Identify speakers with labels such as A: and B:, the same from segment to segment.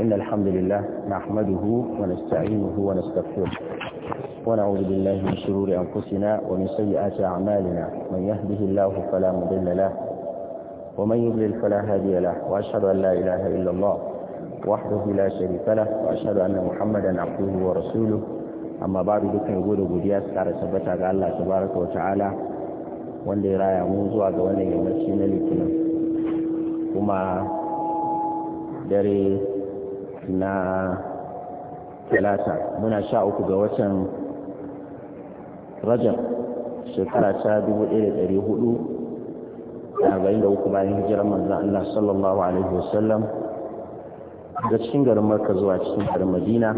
A: إن الحمد لله نحمده ونستعينه ونستغفره ونعوذ بالله من شرور أنفسنا ومن سيئات أعمالنا من يهده الله فلا مضل له ومن يضلل فلا هادي له وأشهد أن لا إله إلا الله وحده لا شريك له وأشهد أن محمدا عبده ورسوله أما بعد ذكر يقول قدياس على سبتها الله تبارك وتعالى wanda ya raya mun zuwa ga wannan yammaci na litinin kuma dare na talata muna sha uku ga watan rajab shekara ta dubu ɗaya da ɗari hudu da arba'in da uku bayan hijirar manzan Allah sallallahu alaihi wasallam daga cikin garin Makka zuwa cikin garin Madina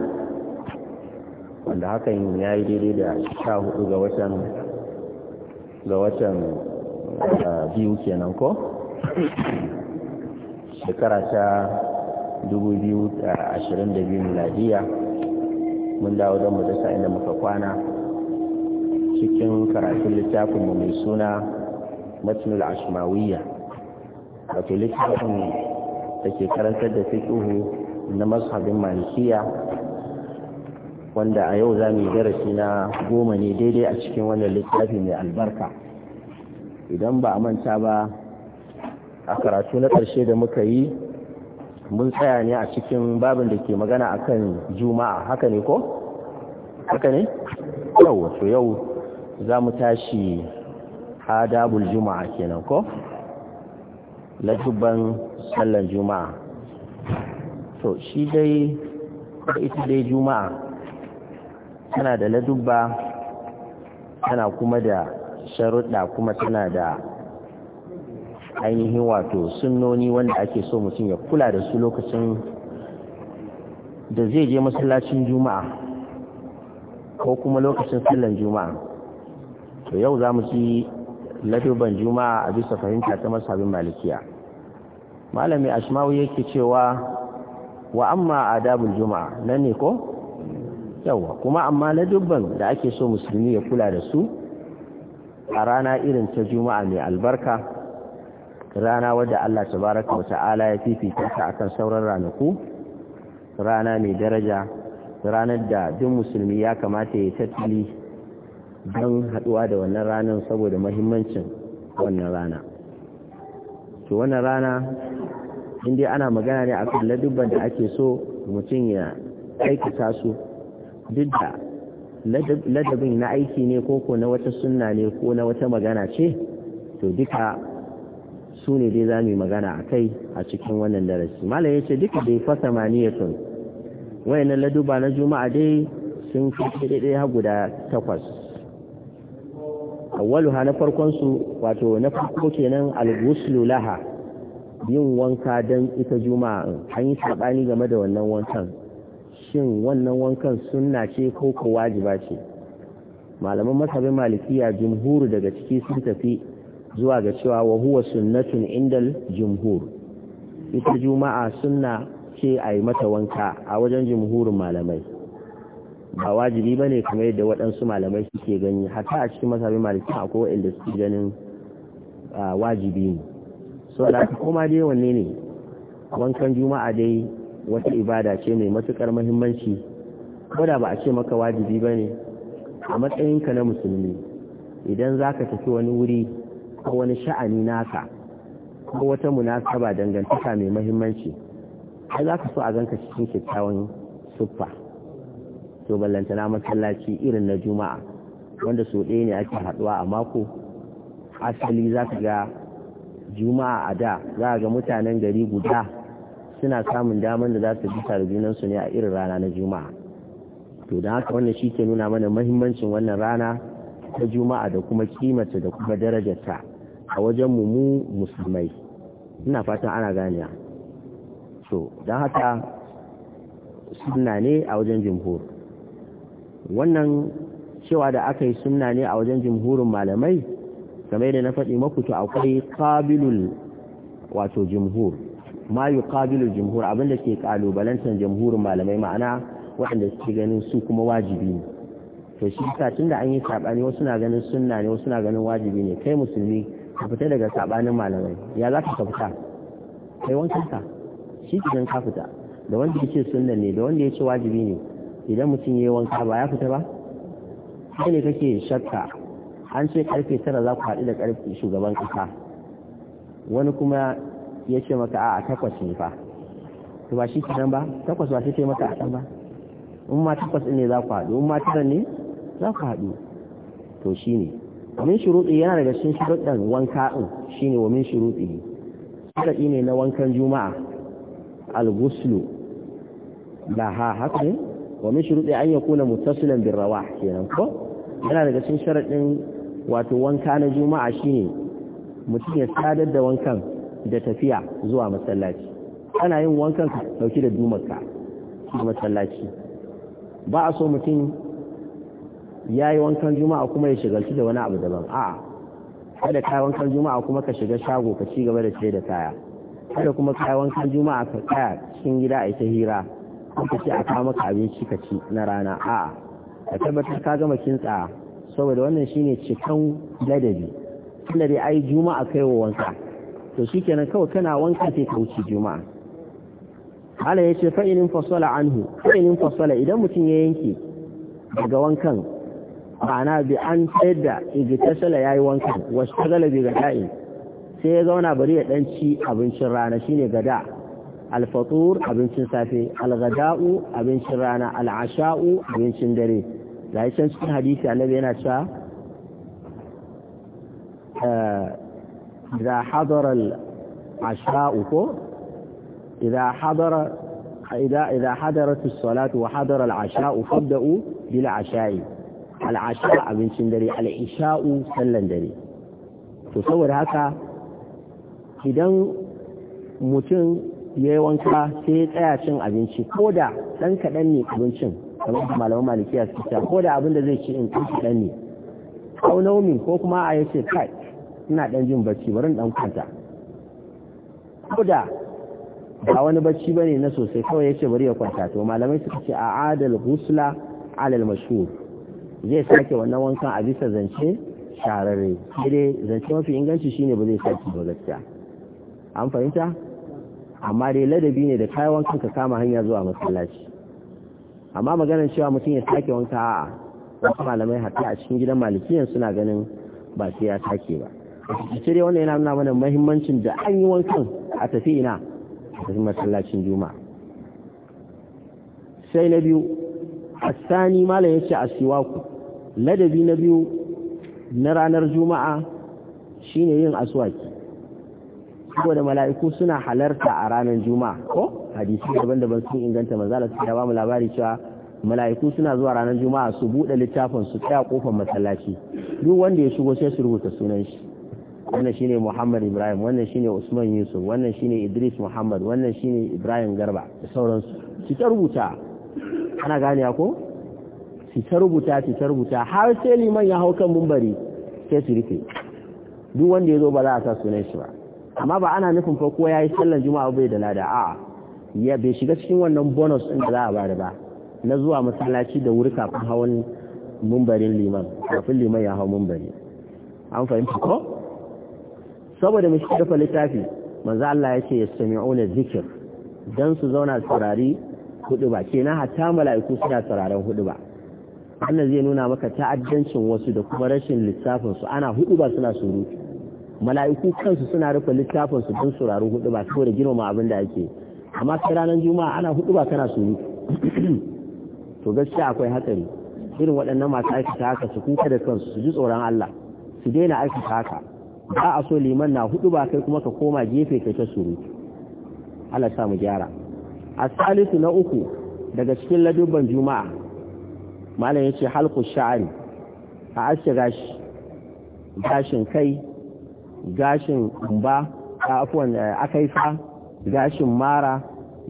A: wanda hakan ya yi daidai da sha hudu ga watan ga watan ah, biyu kenan ko shekara ta biyu da 2022 miladiya mun dawo don mu dasa inda muka kwana cikin karatun littafinmu mai suna matnul ashmawiyya wato littafin da ke karantar da fiqhu na mashabin malikiya wanda a yau za mu yi darasi na goma ne daidai a cikin wannan littafi mai albarka idan ba a manta ba a karatu na ƙarshe da muka yi mun tsaya ne a cikin babin da ke magana akan juma'a haka ne ko haka ne yau wato yau za mu tashi adabul juma'a kenan ko lajubban sallan juma'a to shi dai ita dai juma'a tana da ladubba tana kuma da sharuɗa kuma tana da ainihin wato sunnoni wanda ake so mutum ya kula da su lokacin da zai je masallacin juma'a ko kuma lokacin sallan juma'a to yau za mu ci laduban juma'a a bisa fahimta ta masabin malikiya malami ashmawu yake cewa wa amma adabul juma'a nan ne ko yawa kuma amma ladoban da ake so musulmi ya kula da su a rana irin ta juma'a mai albarka rana wadda Allah tabaraka wa ta'ala ya fifita ta akan sauran ranaku rana mai daraja ranar da duk musulmi ya kamata ya tattali don haduwa da wannan ranar saboda mahimmancin wannan rana to wannan rana inda ana magana ne kan ladubban da ake so mutum ya aikata su duk da ladabin na aiki ne ko ko na wata sunna ne ko na wata magana ce to duka su ne dai za mu yi magana a kai a cikin wannan darasi malam ya ce duka dai fasa maniyatun wayannan laduba na juma'a dai sun fi daidai har guda takwas ha na farkon su wato na farko kenan al laha yin wanka dan ita juma'a an yi sabani game da wannan wankan shin wannan wankan sunna ce ko ko wajiba ce malaman masabin malikiya jumhuru daga ciki sun tafi zuwa ga cewa wa huwa sunnatun indal jumhur ita juma'a sunna ce a yi mata wanka a wajen jumhurin malamai ba wajibi ba ne kamar yadda waɗansu malamai suke gani hatta a cikin masabin maliki kowa inda suke ganin wajibi ne so da koma dai wanne ne wankan juma'a dai wata ibada ce mai matuƙar muhimmanci da ba a ce maka wajibi ba ne a matsayinka na musulmi idan za ka tafi wani wuri ko wani sha'ani naka ko wata munasaba dangantaka mai mahimmanci ai za ka so a ganka cikin kyakkyawan siffa to ballantana masallaci irin na juma'a wanda so ɗaya ne ake haɗuwa a mako asali za ka ga juma'a a da za ga mutanen gari guda suna samun damar da za su da junansu ne a irin rana na juma'a to don haka wannan shi ke nuna mana mahimmancin wannan rana ta juma'a da kuma kimata da kuma darajarta a wajen mu mu musulmai ina fatan ana ganiya so don haka sunna ne a wajen jumhur wannan cewa da aka yi sunna ne a wajen jumhurin malamai game da na faɗi maku to akwai qabilul wato jumhur ma yuqabilu jumhur abinda ke kalubalantar jumhurin malamai ma'ana waɗanda su ganin su kuma wajibi ne to shi tun tunda an yi sabani wasu na ganin sunna ne wasu na ganin wajibi ne kai musulmi ka fita daga sabanin malamai ya za ka fita kai wankan ka shi kidan ka fita da wanda ya ce sunna ne da wanda ya ce wajibi ne idan mutum ya yi wanka ba ya fita ba kai ne kake shakka an ce karfe tara za ku haɗu da karfe shugaban ƙasa wani kuma ya ce maka a takwas ne fa to ba shi kenan ba takwas ba sai ce maka a can ba in ma takwas ne za ku haɗu in ma tara ne za ku haɗu to shi ne min shuruɗi yana daga cikin shuruɗin wanka ɗin shine wa min shuruɗi shuruɗi ne na wankan juma'a al-ghuslu laha haka ne wa min shuruɗi an yakuna muttasilan bin rawa kenan ko yana daga cikin sharaɗin wato wanka na juma'a shine mutum ya sadar da wankan da tafiya zuwa masallaci ana yin wankan ka dauki da dumarka masallaci ba a so mutum ya yi wankan juma'a kuma ya shigalci da wani abu daban a'a kada ka yi wankan juma'a kuma ka shiga shago ka ci gaba da ce da kaya kada kuma ka yi wankan juma'a ka kaya cikin gida a ita hira ka ce a kawo maka abinci ka ci na rana a'a ka tabbatar ka gama kintsa saboda wannan shine cikan ladabi tunda dai ai juma'a kai wa wanka to shikenan kawai kana wanka sai ka wuce juma'a Allah ya ce fa'in fasala anhu fa'in fasala idan mutum ya yanke daga wankan ana bi an sayar da igitasala ya yi wankan wasu tagala bi gada'in sai ya zauna bari ya ɗan ci abincin rana shine gada alfatur abincin safe algada'u abincin rana al'asha'u abincin dare da ya can cikin hadisi annabi yana cewa إذا eh, حضر al'ashar abincin dare al'isha'u sallan dare to saboda haka idan mutum ya yi wanka sai ya tsaya cin abinci ko da ɗan kaɗan ne abincin kamar da malaman malikiya su ta ko da abin da zai ci in ɗan kaɗan ne ko naumi ko kuma a yace kai ina ɗan jin bacci bari ɗan kwanta ko da ba wani bacci ne na sosai kawai yace bari ya kwanta to malamai suka ce a adal husla alal mashhur zai sake wannan wankan a bisa zance shararre sai dai zance mafi inganci shine ba zai sake ba gaskiya an fahimta amma dai ladabi ne da kayan wankan ka kama hanya zuwa masallaci amma maganar cewa mutum ya sake wanka a wasu malamai hatta a cikin gidan malikiyan suna ganin ba sai ya sake ba a dai wannan yana nuna mana muhimmancin da an yi wankan a tafi ina a tafi masallacin juma'a sai na biyu asani malam yace asiwaku ladabi na biyu na ranar juma'a shine yin aswaki saboda mala'iku suna halarta a ranar juma'a ko hadisi daban-daban sun inganta manzala su ba mu labari cewa mala'iku suna zuwa ranar juma'a su buɗe littafin su tsaya kofar masallaci duk wanda ya shigo sai su rubuta sunan shi wannan shine Muhammad Ibrahim wannan shine Usman Yusuf wannan shine Idris Muhammad wannan shine Ibrahim Garba da sauransu ki ta rubuta ana gane ko su ta rubuta su ta rubuta har sai liman ya hau kan mumbari sai su rufe duk wanda ya zo ba za a sa sunan shi ba amma ba ana nufin farko ya yi sallan juma'a bai da lada a ya bai shiga cikin wannan bonus din da za a bada ba na zuwa masallaci da wuri kafin hawan mumbarin liman kafin liman ya hau mumbari an fahimta ko saboda mu shi littafi manzo Allah ya ce yastami'una zikir dan su zauna saurari hudu ba kenan hatta mala'iku suna sauraron hudu ba wannan zai nuna maka ta'addancin wasu da kuma rashin littafin su ana hudu ba suna surutu mala'iku kansu suna rufe littafin su don sauraron hudu ba saboda girmama abin da ake amma sai ranar juma'a ana hudu ba kana surutu to gaskiya akwai hatsari irin waɗannan masu aikata haka su kuka da kansu su ji tsoron Allah su daina aikata haka ba a so liman na hudu ba kai kuma ka koma gefe kai ta surutu Allah sa mu gyara a salisu na uku daga cikin ladubban juma'a malam ya ce halku sha'ari a ashe gashi gashin kai gashin kumba afuwan akaifa gashin mara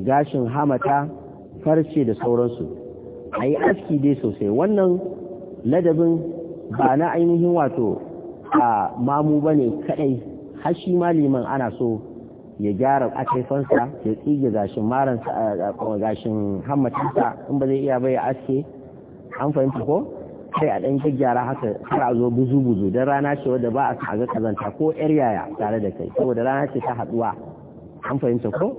A: gashin hamata farce da sauransu a yi aski dai sosai wannan ladabin ba na ainihin wato a mamu ba ne kaɗai hashi ma liman ana so ya gyara akaifansa ya tsige gashin maransa a gashin hammatinsa in ba zai iya bai aske an fahimta ko sai a ɗan gyaggyara haka har a zo buzu buzu don rana ce wadda ba a ga kazanta ko yar yaya tare da kai saboda rana ce ta haɗuwa an fahimta ko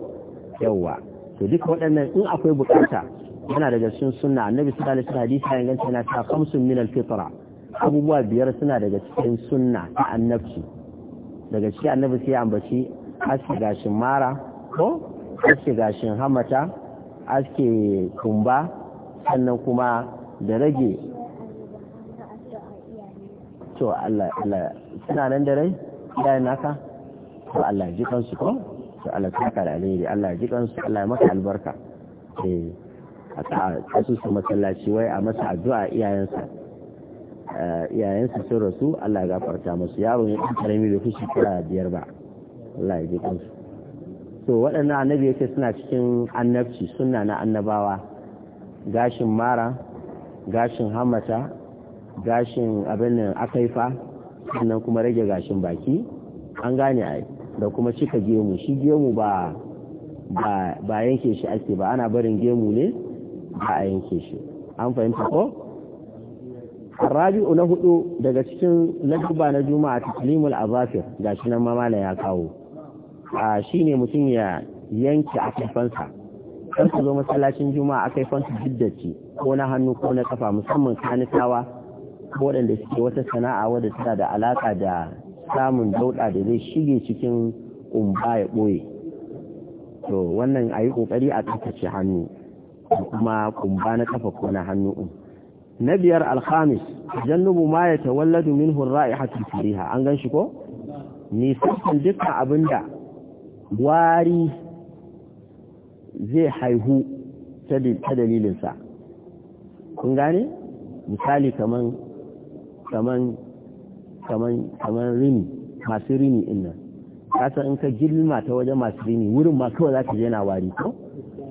A: yawwa to duka waɗannan in akwai bukata yana daga cikin sunna annabi sallallahu alaihi wasallam hadisi ya inganta yana ta khamsun min al-fitra abubuwa biyar suna daga cikin sunna ta annabci daga cikin annabi sai ambaci aske gashin mara ko aske gashin hamata aske kumba sannan kuma da rage to Allah Allah suna nan da rai yayin naka to Allah ji kansu ko to Allah ta ka da alheri Allah ji kansu Allah ya maka albarka eh a kasu su masallaci wai a masa addu'a iyayensa eh, iyayensa sun rasu Allah ya gafarta musu yaro ne ɗan karami bai fi shekara biyar ba Allah ya ji to waɗannan annabi yake suna cikin annabci suna na annabawa gashin mara gashin hamata gashin abin akaifa sannan kuma rage gashin baki an gane a da kuma cika gemu shi gemu ba ba yanke shi ake ba ana barin gemu ne ba a yanke shi an fahimta ko rabi'u na hudu daga cikin ladaba na juma'a taslimul azafir gashi nan ma ya kawo a ne mutum ya yanke a kafansa kan su zo masallacin juma'a a kaifansu jiddaci ko na hannu ko na kafa musamman kanitawa ko waɗanda suke wata sana'a wadda tana da alaƙa da samun dauɗa da zai shige cikin ƙumba ya ɓoye to wannan a yi ƙoƙari a tsaftace hannu da kuma ƙumba na kafa ko na hannu na biyar alhamis jannubu ma ya tawalladu min hurra'i hatin fariha an gan shi ko nisan dukkan abin da wari zai haihu ta dalilinsa kun gane misali kaman kaman kaman kaman rini masu rini inna kasa in ka gilma ta wajen masu rini wurin ma kawai za ka je na wari ko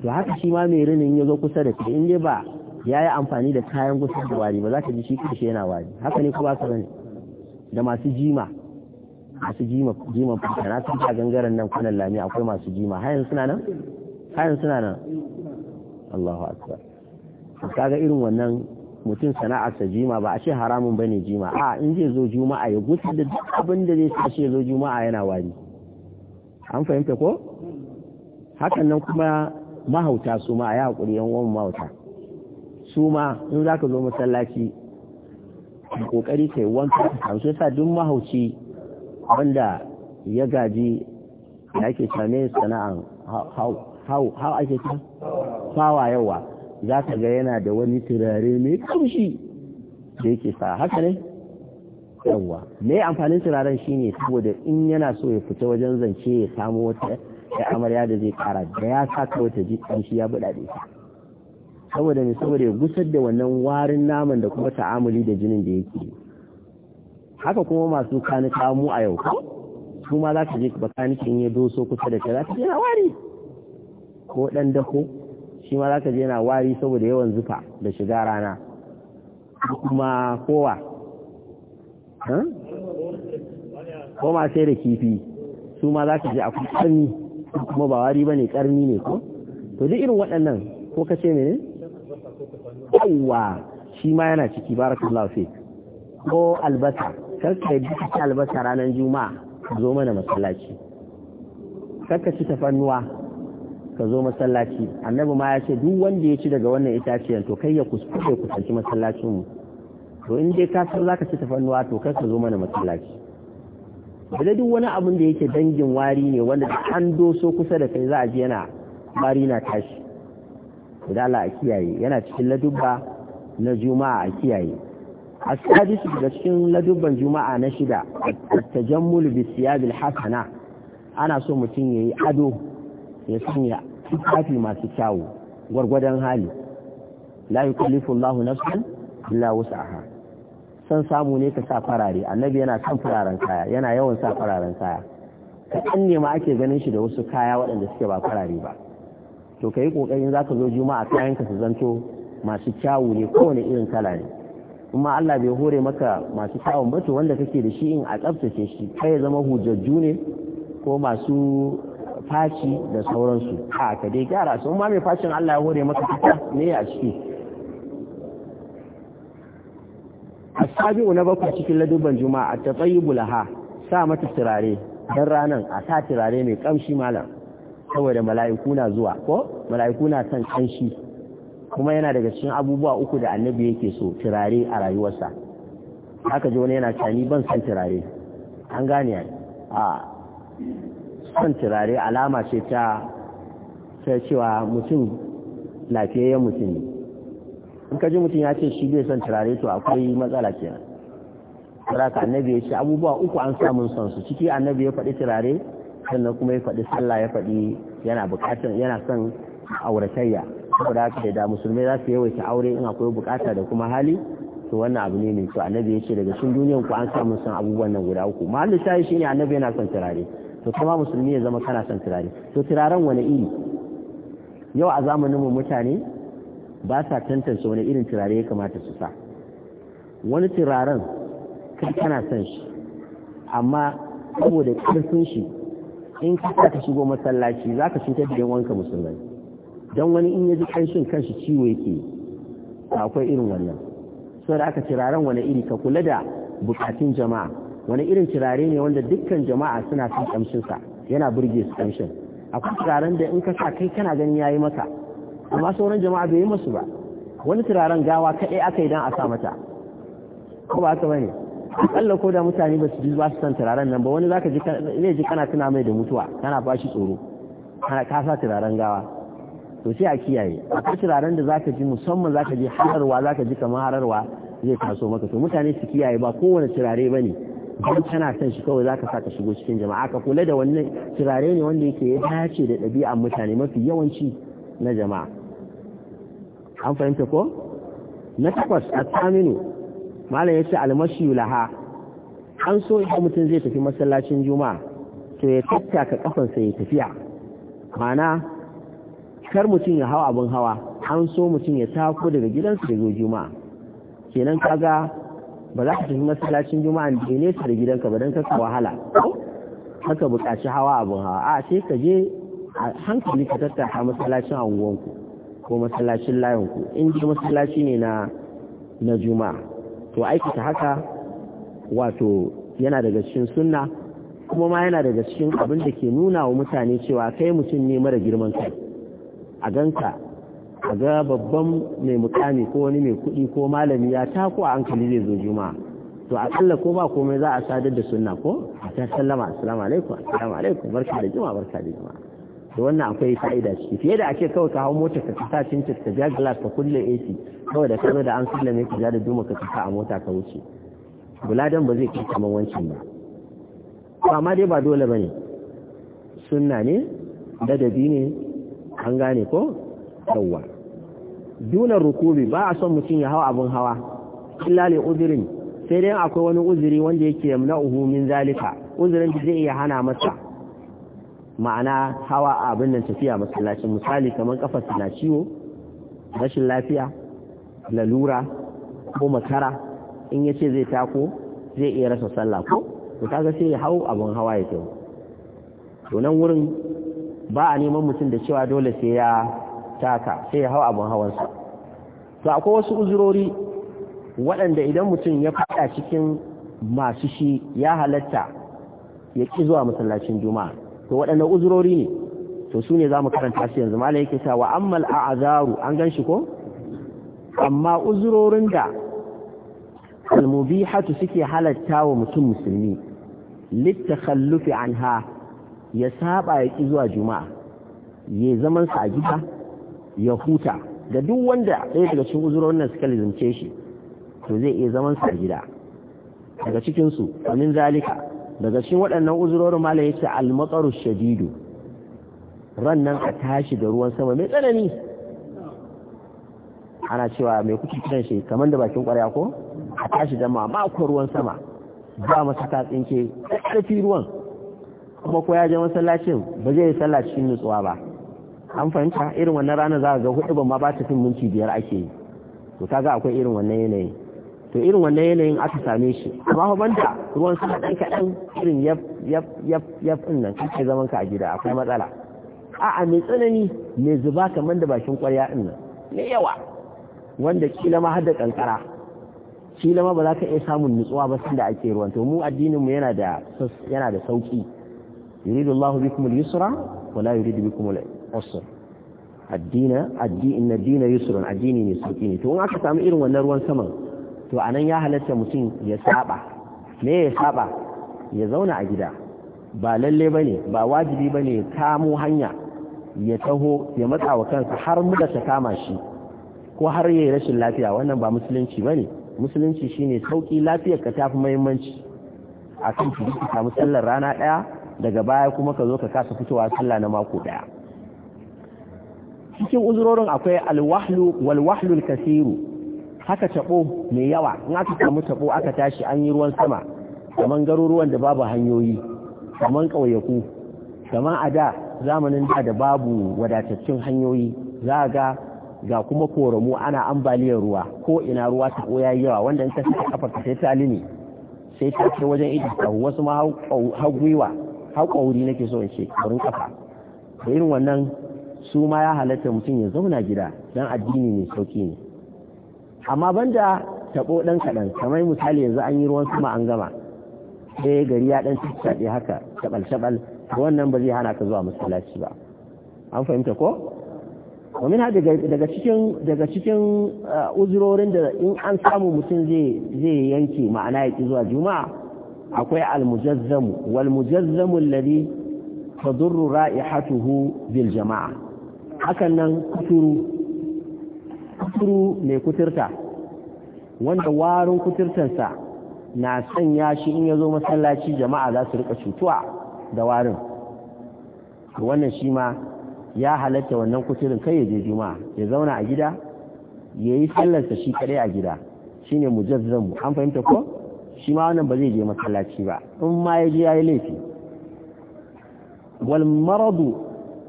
A: to haka shi ma mai rinin ya zo kusa da kai in dai ba ya yi amfani da kayan gusa da wari ba za ka ji shi kashe yana wari haka ne kuma ka da masu jima masu jima jima fuska na san a gangaren nan kwanan lami akwai masu jima hayan suna nan hayan suna nan Allahu akbar kaga irin wannan mutum sana'ar sa jima ba a ce haramun bane jima a in zai zo juma'a ya gusa da duk abin da zai tashi ya zo juma'a yana wari an fahimta ko hakan nan kuma mahauta su ma a yi haƙuri yan uwan mahauta su ma in za ka zo masallaci ƙoƙari kai wanka a sa duk mahauci wanda ya gaji da ake same sana'an hau ake ta fawa yawa za ka ga yana da wani turare mai kamshi da yake sa haka ne yawa mai amfanin turaren shi ne saboda in yana so ya fita wajen zance ya samu wata ya amarya da zai kara da ya sa ka wata ji kamshi ya da ita saboda ne saboda ya gusar da wannan warin naman da kuma ta'amuli da jinin da yake haka kuma masu kani kamu a yau su ma za ka je kin ya doso kusa da ta za ka na wari ko ɗan dako shi ma za ka je na wari saboda yawan zufa da shiga rana kuma kowa ko ma sai da kifi su ma za ka je a ƙarni kuma ba wari ba ne karni ne ko to duk irin waɗannan ko ka ce mene yawwa shi ma yana ciki barakallahu fik ko albasa karka yi duka ta albasa ranar juma'a ka zo mana masallaci karka ci tafannuwa ka zo masallaci annabi ma ya ce duk wanda ya ci daga wannan itaciyar to kai ya kuskure ya kusanci masallacin mu to in dai ka san zaka ci tafannuwa to kar ka zo mana masallaci bada duk wani abin da yake dangin wari ne wanda an doso kusa da kai za a ji yana wari na tashi da a kiyaye yana cikin ladubba na juma'a a kiyaye الحديث بسكين لدبا جماعة نشدة التجمل بالسياد الحسنة أنا سو يأدو يي أدو ما تكاو gwargwadon hali لا يكلف الله nafsan إلا وسعها san samu ne ka sa farare annabi yana kan fararen kaya yana yawan sa fararen kaya kaɗan ne ma ake ganin shi da wasu kaya waɗanda suke ba farare ba to ka yi ƙoƙarin za ka zo juma'a kayan ka su zanto masu kyawu ne kowane irin kala ne kuma Allah bai hore maka masu kyawun ba to wanda kake da shi in a tsaftace shi kai ya zama hujjajju ne ko masu faci da sauransu a ka dai gyara su ma mai facin Allah ya hore maka fita ne a ciki asabi'u na bakwai cikin ladubban juma'a ta tsayyibu laha sa mata turare dan ranan a sa turare mai kamshi malam saboda mala'iku na zuwa ko mala'iku na san kanshi kuma yana daga cikin abubuwa uku da annabi yake so turare a rayuwarsa haka ji wani yana cani ban san turare an gane a san turare alama ce ta ta cewa mutum lafiyayyen mutum ne in ka ji mutum ya ce shi bai san turare to akwai matsala kenan ka annabi ya ce abubuwa uku an samun son su ciki annabi ya faɗi turare sannan kuma ya faɗi sallah ya faɗi yana buƙatar yana son auratayya saboda haka da musulmai za su yawaita aure in akwai bukata da kuma hali to wannan abu ne mai to annabi ya ce daga cikin duniyan ku an samu san abubuwan nan guda uku mahallin shayi shine annabi yana son turare to kuma musulmi ya zama kana son turare to turaren wani iri yau a zamanin mu mutane ba sa tantance wani irin turare ya kamata su sa wani turaren kai kana son shi amma saboda karfin shi in ka ka shigo masallaci zaka cutar da yan wanka musulmai don wani in ya ji kanshi ciwo yake akwai irin wannan so da aka ciraren wani iri ka kula da bukatun jama'a wani irin cirare ne wanda dukkan jama'a suna son ƙamshinsa yana burge su ƙamshin akwai ciraren da in ka sa kai kana ganin ya yi maka amma sauran jama'a bai yi masu ba wani tiraren gawa kaɗai aka yi don a sa mata ko ba haka bane akalla ko da mutane ba su ji ba su san turaren nan ba wani zaka ji kana tuna mai da mutuwa kana ba shi tsoro kana ka sa turaren gawa to sai a kiyaye akwai ranar da zaka ji musamman zaka ji hararwa zaka ji kamar hararwa zai taso maka to mutane su kiyaye ba kowane turare bane don kana son shi kawai zaka ka shigo cikin jama'a ka kula da wannan turare ne wanda yake ya dace da ɗabi'a mutane mafi yawanci na jama'a an fahimta ko na takwas a tsaminu malam ya ce almashi laha an so idan mutum zai tafi masallacin juma'a to ya tattaka kafansa ya tafiya ma'ana kar mutum ya hawa abin hawa an so mutum ya tafi daga gidansa da zo juma'a kenan kaga ba za ka tafi masallacin juma'a da nesa da gidanka ba don kaka wahala haka buƙaci hawa abin hawa a sai ka je hankali ka tattara masallacin anguwanku ko masallacin layinku in ji masallaci ne na na juma'a to aikata haka wato yana daga cikin sunna kuma ma yana daga cikin abin da ke nuna wa mutane cewa kai mutum ne mara girman kai a ganka a ga babban mai mukami ko wani mai kudi ko malami ya tako a hankali zai zo juma'a to a kalla ko ba komai za a sadar da sunna ko a ta sallama assalamu alaikum assalamu alaikum barka da juma'a barka da juma'a to wannan akwai fa'ida ciki fiye da ake kawai ka hau mota ka kasa cincin ka ja glass ka kulle AC kawai da kano da an sallame ka ja da juma ka kasa a mota ka wuce buladan ba zai kai kamar wancan ba amma dai ba dole bane sunna ne ladabi ne an gane ko yawwa dunar rukubi ba a son mutum ya hawa abin hawa illa li uzirin sai dai akwai wani uzuri wanda yake yamna'uhu min zalika uzurin da zai iya hana masa ma'ana hawa abin nan tafiya masallacin misali kamar kafar na ciwo rashin lafiya lalura ko makara in yace zai tako zai iya rasa sallah ko to kaga sai ya hau abin hawa ya to nan wurin ba a neman mutum da cewa dole sai ya taka sai ya hau abin hawansa to akwai wasu uzurori waɗanda idan mutum ya faɗa cikin masu shi ya halatta ya ƙi zuwa masallacin juma'a to waɗanda uzurori ne to su ne za mu karanta su yanzu ma yake sa wa ammal Azaru an gan shi ko amma uzurorin da almubihatu suke halatta wa mutum musulmi littakhallufi anha ya saba ya ki zuwa juma'a ya zaman sa a gida ya huta da duk wanda ɗaya daga cikin uzuro nan suka lizumce shi to zai iya zaman sa a gida daga cikin su amin zalika daga cikin waɗannan uzurorin mala ya ce almatsaru shadidu ran nan a tashi da ruwan sama mai tsanani ana cewa mai kuke kiran shi kamar da bakin ƙwarya ko a tashi da mamakon ruwan sama ba masa ta tsinke ƙarfi ruwan kuma ko ya je masallacin ba zai yi sallah cikin nutsuwa ba an fahimta irin wannan ranar za ga hudu ma ba ta fin minti biyar ake yi to kaga akwai irin wannan yanayi to irin wannan yanayin aka same shi amma fa banda ruwan sama dan kadan irin yaf yaf yaf yaf din nan kike zaman ka a gida akwai matsala a'a mai tsanani mai zuba kamar da bakin kwarya din nan ne yawa wanda kila ma har da kankara kila ma ba za ka iya samun nutsuwa ba sanda ake ruwan to mu addinin mu yana da yana da sauki يريد الله بكم al ولا يريد بكم العسر الدين al-usra addina addini ne sauki to in aka samu irin wannan ruwan saman to anan ya halatta mutum ya saba me ya saba ya zauna a gida ba lalle bane ba wajibi bane kamo hanya ya taho ya matsa wa kansa har muka ta kama shi ko har yayi rashin lafiya wannan ba musulunci bane musulunci shine sauki lafiyar ka tafi muhimmanci A kan ki samu sallar rana daya daga baya kuma ka zo ka kasa fitowa sallah na mako daya cikin uzurorin akwai alwahlu walwahlu kasiru haka tabo mai yawa in aka samu tabo aka tashi an yi ruwan sama kaman garuruwan da babu hanyoyi kaman ƙauyaku kaman a da zamanin da da babu wadataccen hanyoyi za ga ga kuma koramu ana ambaliyar ruwa ko ina ruwa ta koya yawa wanda in ta saka kafar ta sai ta lini sai ta ce wajen idan wasu ma har wuri nake so in ce wurin kafa da irin wannan su ma ya halatta mutum ya zauna gida don addini mai sauki ne amma banda taɓo ɗan kaɗan kamar misali yanzu an yi ruwan sama an gama sai gari ya ɗan tattaɗe haka shaɓal-shaɓal wannan ba zai hana ka zuwa masallaci ba an fahimta ko domin ha daga cikin daga cikin uh, uzurorin da in an samu mutum zai yanke ma'ana ya ki zuwa juma'a akwai almujazzamu walmujazzamu alladhi tadurru ra'ihatuhu bil jama'a hakan nan kuturu kuturu ne kuturta wanda warin kuturtarsa na sanya shi in yazo masallaci jama'a za su rika cutuwa da warin wannan shi ma ya halatta wannan kuturin kai ya je juma'a ya zauna a gida yayi sallarsa shi kadai a gida shine mujazzamu an fahimta ko shi ma wannan ba zai je masallaci ba in ma ya je ya yi laifi wal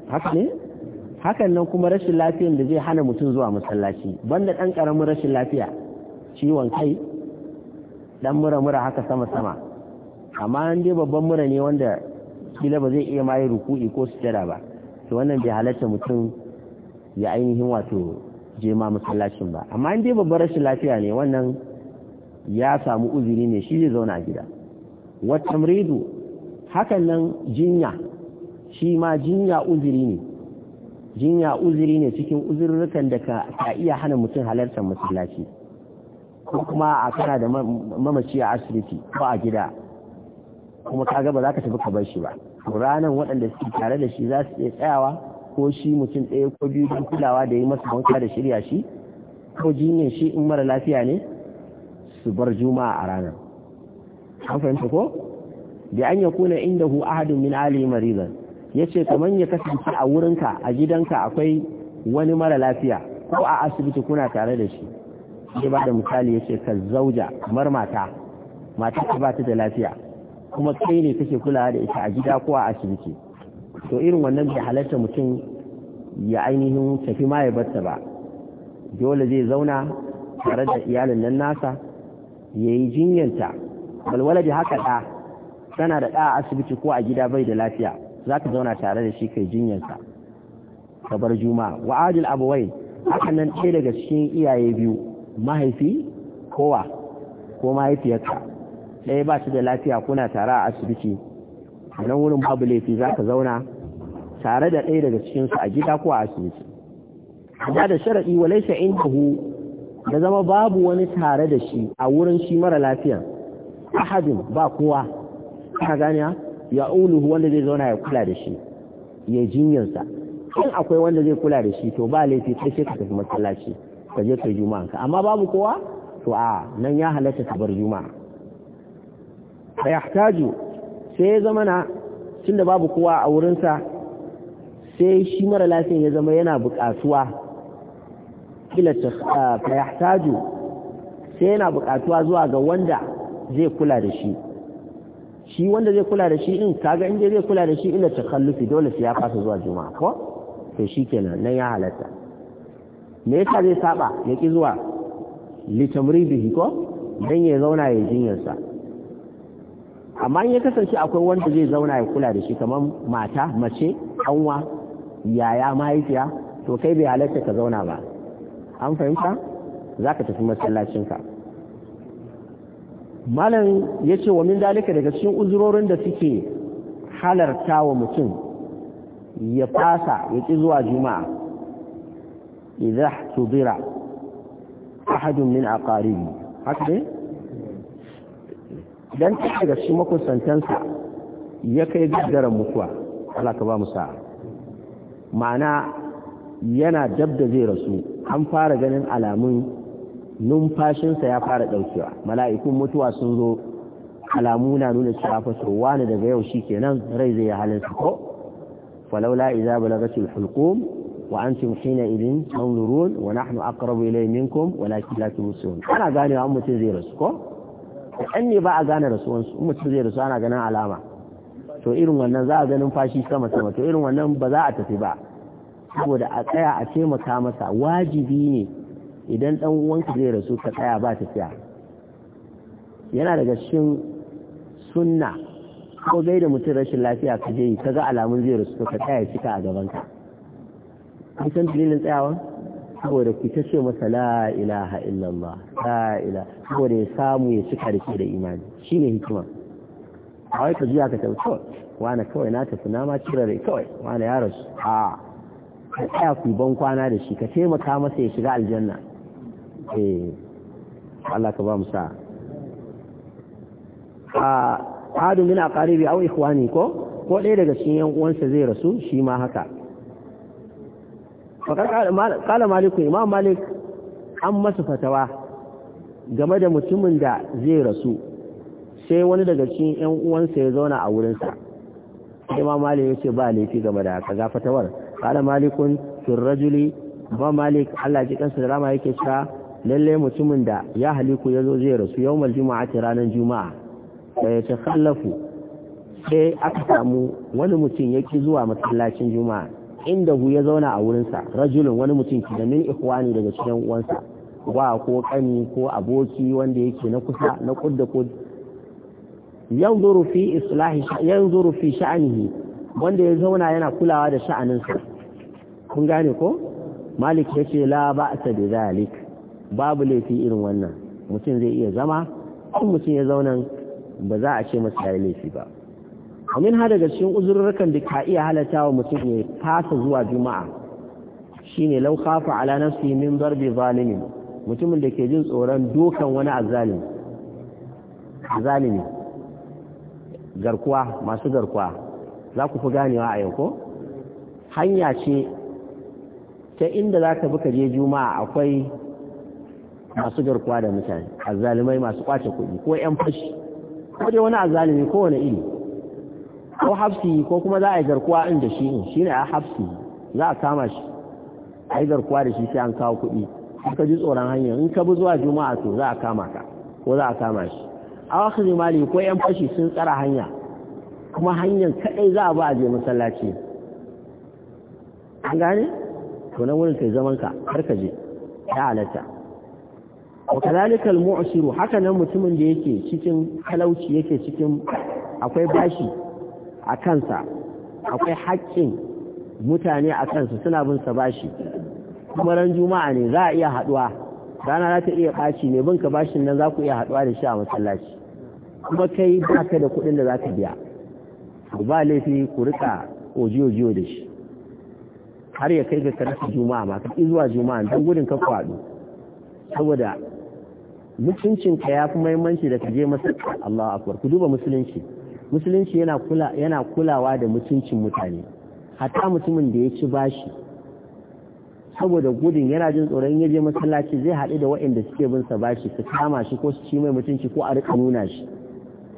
A: haka ne hakan nan kuma rashin lafiyan da zai hana mutum zuwa masallaci banda ɗan ƙaramin rashin lafiya ciwon kai ɗan mura-mura haka sama-sama amma an dai babban mura ne wanda kila ba zai iya ma ruku'i ko sujada ba to wannan bai halatta mutum ya ainihin wato je ma masallacin ba amma an dai babban rashin lafiya ne wannan ya samu uzuri ne shi zai zauna a gida wata muridu hakan nan jinya shi ma jinya uzuri ne jinya uzuri ne cikin uzurrukan da ka iya hana mutum halartar masallaci ko kuma a kana da mamaci a asibiti ko a gida kuma kaga ba za ka tafi ka bar shi ba ranan waɗanda suke tare da shi za su iya tsayawa ko shi mutum ɗaya ko biyu don kulawa da yi masa wanka da shirya shi ko jinyar shi in mara lafiya ne su bar juma'a a ranar an fahimta ko bi an kuna inda hu ahadun min ali maridan ya ce kamar ya kasance a wurinka a gidanka akwai wani mara lafiya ko a asibiti kuna tare da shi ya ba da misali ya ce ka zauja kamar mata mata ta ba ta da lafiya kuma kai ne kake kulawa da ita a gida ko a asibiti to irin wannan bai halarta mutum ya ainihin tafi ma ya barta ba dole zai zauna tare da iyalin nan nasa Yayi yi jinyanta balwala da haka ɗa tana da ɗa a asibiti ko a gida bai da lafiya za ka zauna tare da shi kai jinyanta ka bar juma'a wa adil abuwai haka nan ɗaya daga cikin iyaye biyu mahaifi kowa ko mahaifiyarka ɗaya ba su da lafiya kuna tare a asibiti a nan wurin babu laifi za ka zauna tare da ɗaya daga cikinsu a gida ko a asibiti amma da sharaɗi wa laisa indahu da zama babu wani tare da shi a wurin shi mara lafiya ahadin ba kowa ka gane ya uluhu wanda zai zauna ya kula da shi ya jinyarsa in akwai wanda zai kula da shi to ba laifi sai sai ka tafi masallaci ka je kai juma'a amma babu kowa to a nan ya halatta ka bar juma'a fa yahtaju sai zama na tunda babu kowa a wurinsa sai shi mara lafiya ya zama yana buƙatuwa ila fayahtaju sai yana buƙatuwa zuwa ga wanda zai kula da shi shi wanda zai kula da shi in kaga inda zai kula da shi ila takhallufi dole sai ya fasa zuwa juma'a ko to shi kenan, nan ya halatta me yasa zai saba ya ki zuwa litamridihi ko dan ya zauna ya jinyarsa amma in ya kasance akwai wanda zai zauna ya kula da shi kamar mata mace kanwa yaya mahaifiya to kai bai halatta ka zauna ba an fahimta za ka tafi masallacinka malam ya ce wa min dalika daga cikin uzurorin da suke halarta wa mutum ya fasa ya ƙi zuwa juma'a idza tudira ahadun min aqaribi haka dai dan daga cikin makusantansa ya kai gaddara mutuwa Allah ka ba mu sa'a ma'ana yana dab da zai rasu an fara ganin alamun numfashinsa ya fara ɗaukewa mala'ikun mutuwa sun zo alamu na nuna cewa fa wani daga yau shi kenan rai zai yi halin sa ko falaula idza balagatil hulqum wa antum hina idin tanzurun wa nahnu aqrabu ilayhi minkum walakin la tubsirun ana gane wa mutum zai rasu ko dan ne ba a gane rasuwan su mutum zai rasu ana ganin alama to irin wannan za a ganin fashi sama sama to irin wannan ba za a tafi ba saboda a tsaya a taimaka masa wajibi ne idan ɗan uwanka zai rasu ka tsaya ba tafiya yana daga cikin sunna ko gai da mutum rashin lafiya ka je ka ga alamun zai rasu ka tsaya cika a gaban Ka kun san dalilin tsayawa saboda ku ta ce masa la ilaha illallah la ila saboda ya samu ya cika da da imani shine hikima a wai ka juya ka tafi kawai wani kawai na tafi na ma cire rai kawai wani ya rasu a ka tsaya ku ban kwana da shi ka taimaka masa ya shiga aljanna eh Allah ka ba mu sa a hadu min aqaribi aw ikhwani ko ko ɗaya daga cikin yan uwansa zai rasu shi ma haka kala maliku imam malik an masa fatawa game da mutumin da zai rasu sai wani daga cikin yan uwansa ya zauna a wurinsa imam malik ya ce ba laifi game da haka ga fatawar قال malikun في الرجل ba malik Allah ji kansa yake cewa lalle mutumin da ya haliku yazo zai rasu yawmal juma'ati ranar juma'a da ya takhallafu sai aka samu wani mutum yake zuwa masallacin juma'a inda hu ya zauna a wurin sa rajulun wani mutum ki da min ikhwani daga cikin uwansa wa ko kani ko aboki wanda yake na kusa na kudda ko yanzuru fi islahi yanzuru fi sha'anihi wanda ya zauna yana kulawa da sha'aninsa kun gane ko malik ya ce la ba ta da zalik babu laifi irin wannan mutum zai iya zama ko mutum ya zauna ba za a ce masa ya laifi ba amin har daga cikin uzurrukan da ka iya halatta wa mutum ya fasa zuwa juma'a shine lau khafa ala nafsi min darbi zalimin mutumin da ke jin tsoron dokan wani azzalimi zalimi garkuwa masu garkuwa za ku fi ganewa a yau ko hanya ce ta inda za ka bi ka je juma'a akwai masu garkuwa da mutane azzalumai masu kwace kuɗi ko 'yan fashi ko dai wani azalimi ko wani iri ko hafsi ko kuma za a yi garkuwa in da shi in shi ne a hafsi za a kama shi a yi garkuwa da shi sai an kawo kuɗi ka ji tsoron hanyar in ka bi zuwa juma'a to za a kama ka ko za a kama shi a wakilin mali ko 'yan fashi sun tsara hanya kuma hanyar kaɗai za a ba a je masallaci an gane to nan wurin kai zaman ka har ka je ya halatta wa kadhalika al haka nan mutumin da yake cikin talauci yake cikin akwai bashi a kansa akwai haƙƙin mutane a kansa, suna bin sa bashi kuma ran juma'a ne za a iya haɗuwa rana za ta iya ɓaci ne bin ka bashin nan za ku iya haɗuwa da shi a masallaci kuma kai ba da kuɗin da za ka biya ba laifi ku rika ojiyo-jiyo da shi har ya kai ga karfi juma'a ma ka juma'a don gudun ka kwaɗo saboda mutuncinka ya fi mahimmanci da ka je masa Allah akwai ku duba musulunci musulunci yana kulawa da mutuncin mutane hatta mutumin da ya ci bashi saboda gudun yana jin tsoron ya je masallaci zai haɗu da waɗanda suke bin sa bashi su kama shi ko su ci mai mutunci ko a rika nuna shi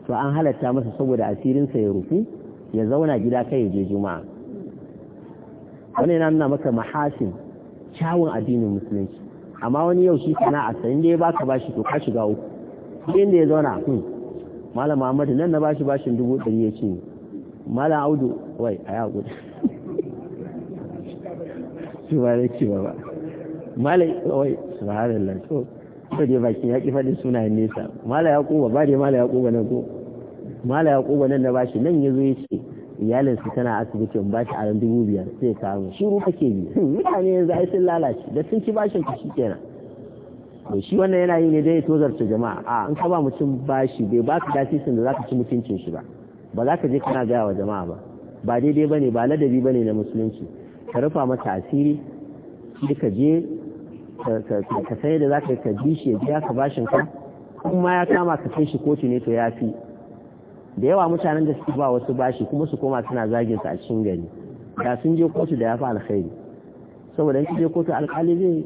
A: to an halatta masa saboda asirinsa ya rufu ya zauna gida kai ya je juma'a wani yana nuna maka mahasin kyawun addinin musulunci amma wani yau shi sana'a sai inda ya baka bashi to ka shiga uku inda ya zauna hmm malam Muhammadu nan na bashi bashin dubu ɗari ya ce malam Audu wai a ya gudu shi ba da ce ba malam wai subhanallah so ko dai bakin ya ki faɗin sunayen nesa malam ya Yakuba ba dai malam Yakuba na ko mala ya yaquba nan na bashi nan ya zo ya ce iyalin su tana asibiti in bashi a ran dubu biyar sai ka samu shi ruwa ke bi hmm, mutane yanzu ai sun lalace da sun ci bashin ka shikenan to shi wannan yana yi ne dai tozarta jama'a a in ka ba mutum bashi bai ba ka dasisin da zaka ci mutuncin shi ba ba za ka je kana gaya wa jama'a ba ba daidai bane ba ladabi bane na musulunci ka rufa masa asiri shi ka je ka sai da zaka ka bi shi ya biya ka bashin ka kuma ya kama ka kai shi kotu ne to ya fi da yawa mutanen da suke ba wasu bashi kuma su koma suna zagin sa a cikin gari da sun je kotu da ya fi alkhairi saboda in je kotu alkali zai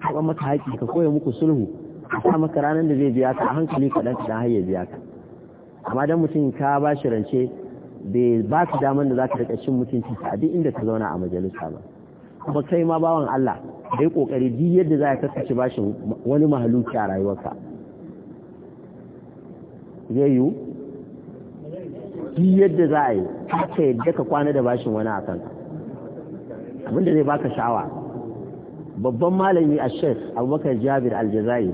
A: haɓa maka haƙi ka koya muku sulhu a sa maka ranar da zai biya ka a hankali kaɗan kaɗan har ya biya ka amma dan mutum ka ba shi rance bai ba ka daman da za ka riƙa cin mutunci a duk inda ka zauna a majalisa ba kuma kai ma bawan Allah da kokari ƙoƙari duk yadda za ka kasance bashin wani mahaluki a rayuwarka zai yiwu duk yadda za a yi haka yadda ka kwana da bashin wani a kanka abin da zai baka sha'awa babban malami a shek abubakar jabir aljazayi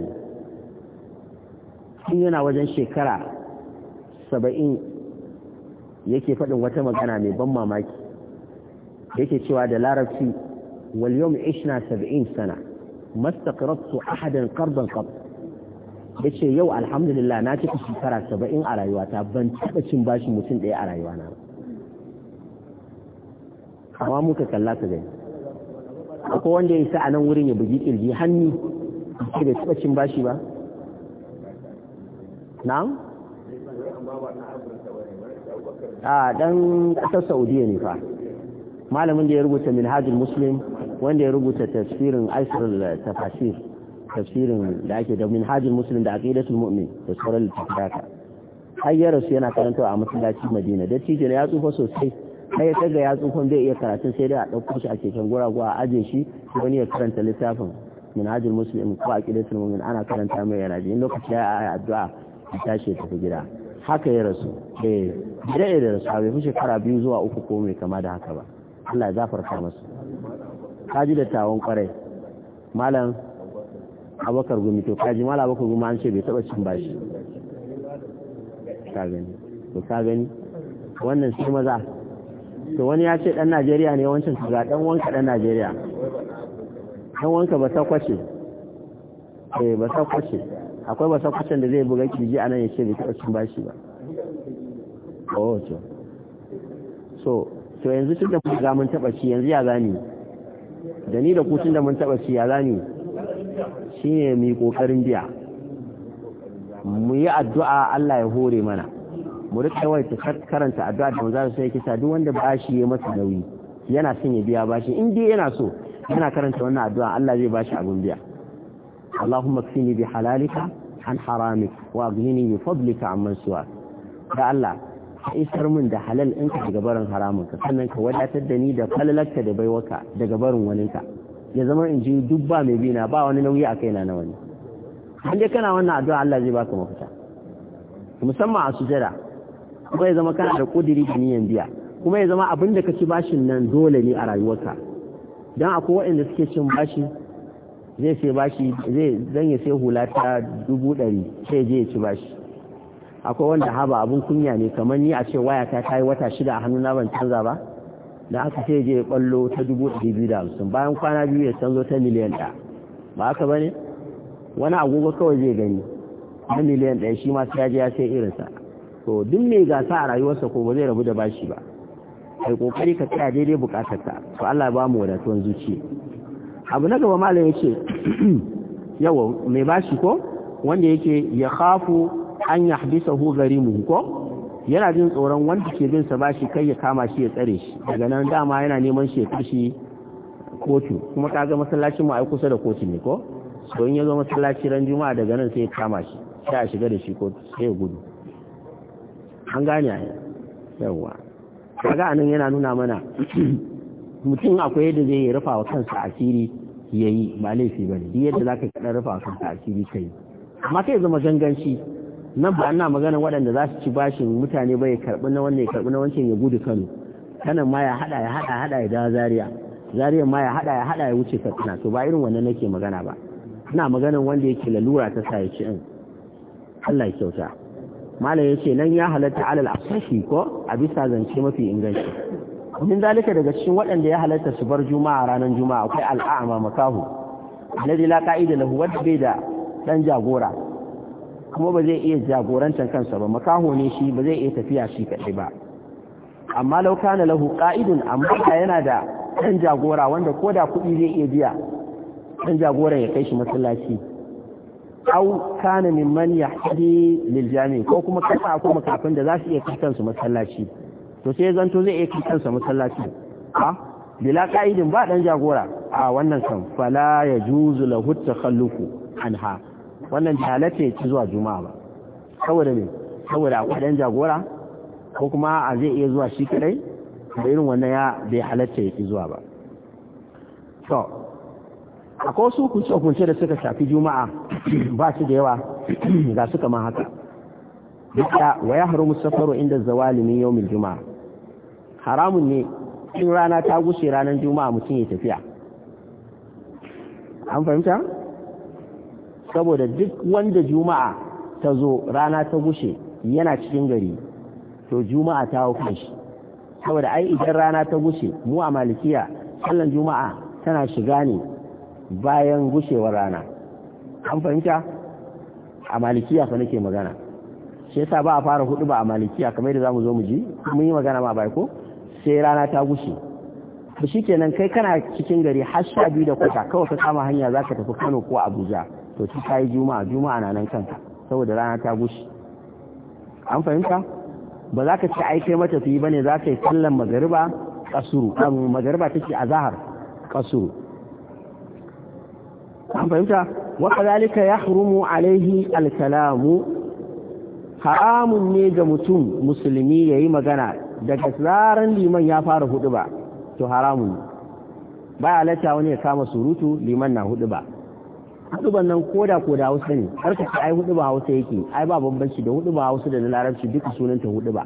A: tun yana wajen shekara saba'in yake faɗin wata magana mai ban mamaki yake cewa da larabci wal yawm ishna saba'in sana mastaqrattu ahadan qardan qabl ya ce yau alhamdulillah na cika shekara saba'in a rayuwata ban taɓa cin bashi mutum ɗaya a rayuwana amma muka kalla ka gani akwai wanda ya isa a nan wurin ya bugi ƙirji hannu ce bai taɓa cin bashi ba na'am a ɗan ƙasar saudiya ne fa malamin da ya rubuta minhajul muslim wanda ya rubuta tafsirin aisar tafasir tafsirin da ake da minhajin musulun da aqidatul mu'min da sauran littattafaka har ya rasu yana karanta a masallaci madina da cije ya tsufa sosai har ya ga ya tsufan bai iya karatun sai dai a ɗauko shi a keken guraguwa a aje shi wani ya karanta littafin minhajul muslim ko aqidatul mu'min ana karanta mai yana jin lokaci ya yi addu'a ya tashi ya tafi gida haka ya rasu eh gida ya rasu bai fi shekara biyu zuwa uku ko mai kama da haka ba Allah ya zafarta masa kaji da tawon kwarai malam abakar gumi to kaji mala abakar gumi an ce bai taba cin bashi ka gani to ka gani wannan sai maza to wani ya ce dan Najeriya ne wancan ga dan wanka dan Najeriya dan wanka ba sakwace eh ba sakwace akwai ba sakwacen da zai buga kiji anan ya ce bai taba cin bashi ba oh to so to yanzu tun da ga mun taba ci yanzu ya gani da ni da ku tun da mun taba ci ya gani shi ne mai ƙoƙarin biya mu yi addu'a Allah ya hore mana mu rika ta karanta addu'a da manzo sai kisa duk wanda ba shi ya masa nauyi yana son ya biya bashi in dai yana so yana karanta wannan addu'a Allah zai bashi abin biya Allahumma kfini bi halalika an haramik wa gini bi fablika a mansuwa da Allah ka isar min da halal in ɗinka daga barin haramunka sannan ka wadatar da ni da falalaka da baiwaka daga barin waninka ya zama in ji duk ba mai bina ba wani nauyi a kaina na wani an dai kana wannan addu'a Allah zai baka mafita musamman a sujada kuma ya zama kana da kudiri da niyan biya kuma ya zama abin da ka ci bashin nan dole ne a rayuwarka don akwai waɗanda suke cin bashi zai sai bashi zai zan ya sai hula ta dubu ɗari sai je ya ci bashi akwai wanda haba abin kunya ne kamar ni a ce wayata ta yi wata shida a hannuna ban canza ba da aka ce je kwallo ta dubu biyu da hamsin bayan kwana biyu ya canzo ta miliyan ɗaya ba haka ba ne wani agogo kawai zai gani na miliyan ɗaya shi ma sai ya je ya sai irinsa to duk mai gasa a rayuwarsa ko ba zai rabu da bashi ba kai kokari ka tsaya daidai bukatarka to Allah ba mu wadatuwan ce. abu na gaba malam yace yawa mai bashi ko wanda yake ya khafu an yahbisahu mu ko yana jin tsoron wanda ke bin sa bashi kai ya kama shi ya tsare shi daga nan dama yana neman shi ya kashi kotu kuma kaga masallacin mu ai kusa da kotu ne ko so in ya zo masallaci ran juma'a daga nan sai ya kama shi sai a shiga da shi kotu sai ya gudu an gane a yawa kaga anan yana nuna mana mutum akwai yadda zai rufa wa kansa asiri yayi ba laifi ba ne, yadda zaka kada rufa wa kansa asiri kai amma sai zama ganganci nan ba ana magana waɗanda za su ci bashin mutane bai karɓi na wannan ya karɓi na wancan ya gudu kano kanan ma ya haɗa ya haɗa haɗa ya dawo zaria zariyan ma ya haɗa ya haɗa ya wuce katsina to ba irin wannan nake magana ba ina maganar wanda yake lalura ta sa ya ci in Allah kyauta malam ya ce nan ya halatta alal asashi ko a bisa zance mafi inganci min zalika daga cikin waɗanda ya halatta su bar juma'a ranar juma'a akwai al'a'ama makahu alladhi la ka'ida lahu wadda bai da ɗan jagora kuma ba zai iya jagorantar kansa ba makaho ne shi ba zai iya tafiya shi kaɗai ba amma lauka na lahu ƙa'idun amma yana da ɗan jagora wanda ko da kuɗi zai iya biya ɗan jagora ya kai shi masallaci au kana man ya haɗe liljami ko kuma kasa akwai kafin da za su iya kai kansu masallaci to sai zanto zai iya kai kansa masallaci a bila ka'idin ba ɗan jagora a wannan kan fala ya juzu lahu an anha wannan bai ya ci zuwa juma'a ba saboda ne saboda akwai ɗan jagora ko kuma a zai iya zuwa shi kadai da irin wannan ya bai halatta ya ci zuwa ba to akwai wasu hukunce da suka shafi juma'a ba su da yawa ga su kamar haka da wa ya haru musafaru inda zawali min yawmin juma'a haramun ne in rana ta gushe ranar juma'a mutum ya tafiya an fahimta saboda duk wanda juma'a ta zo rana ta gushe yana cikin gari to juma'a ta hau shi saboda ai idan rana ta gushe mu a malikiya sallan juma'a tana shiga ne bayan gushewar rana an fahimta a malikiya fa nake magana shi yasa ba a fara hudu ba a malikiya kamar yadda zamu zo mu ji mun yi magana ma bai ko sai rana ta gushe to shikenan kai kana cikin gari har sha biyu da kwata kawai ka kama hanya zaka tafi Kano ko Abuja to ta yi juma'a juma'a na nan kanka saboda rana ta gushi an fahimta ba za ka ci mata kai ba ne za ka yi sallan magariba kasuru kan magariba take zahar kasuru an fahimta wa ya yahrumu alaihi alkalamu haramun ne ga mutum musulmi ya yi magana daga zaran liman ya fara hudu ba to haramun ne baya lata wani ya kama surutu liman na hudu ba huduban nan koda ko da hausa ne har ai hudu ba hausa yake ai ba bambanci da hudu ba hausa da na larabci duka sunanta hudu ba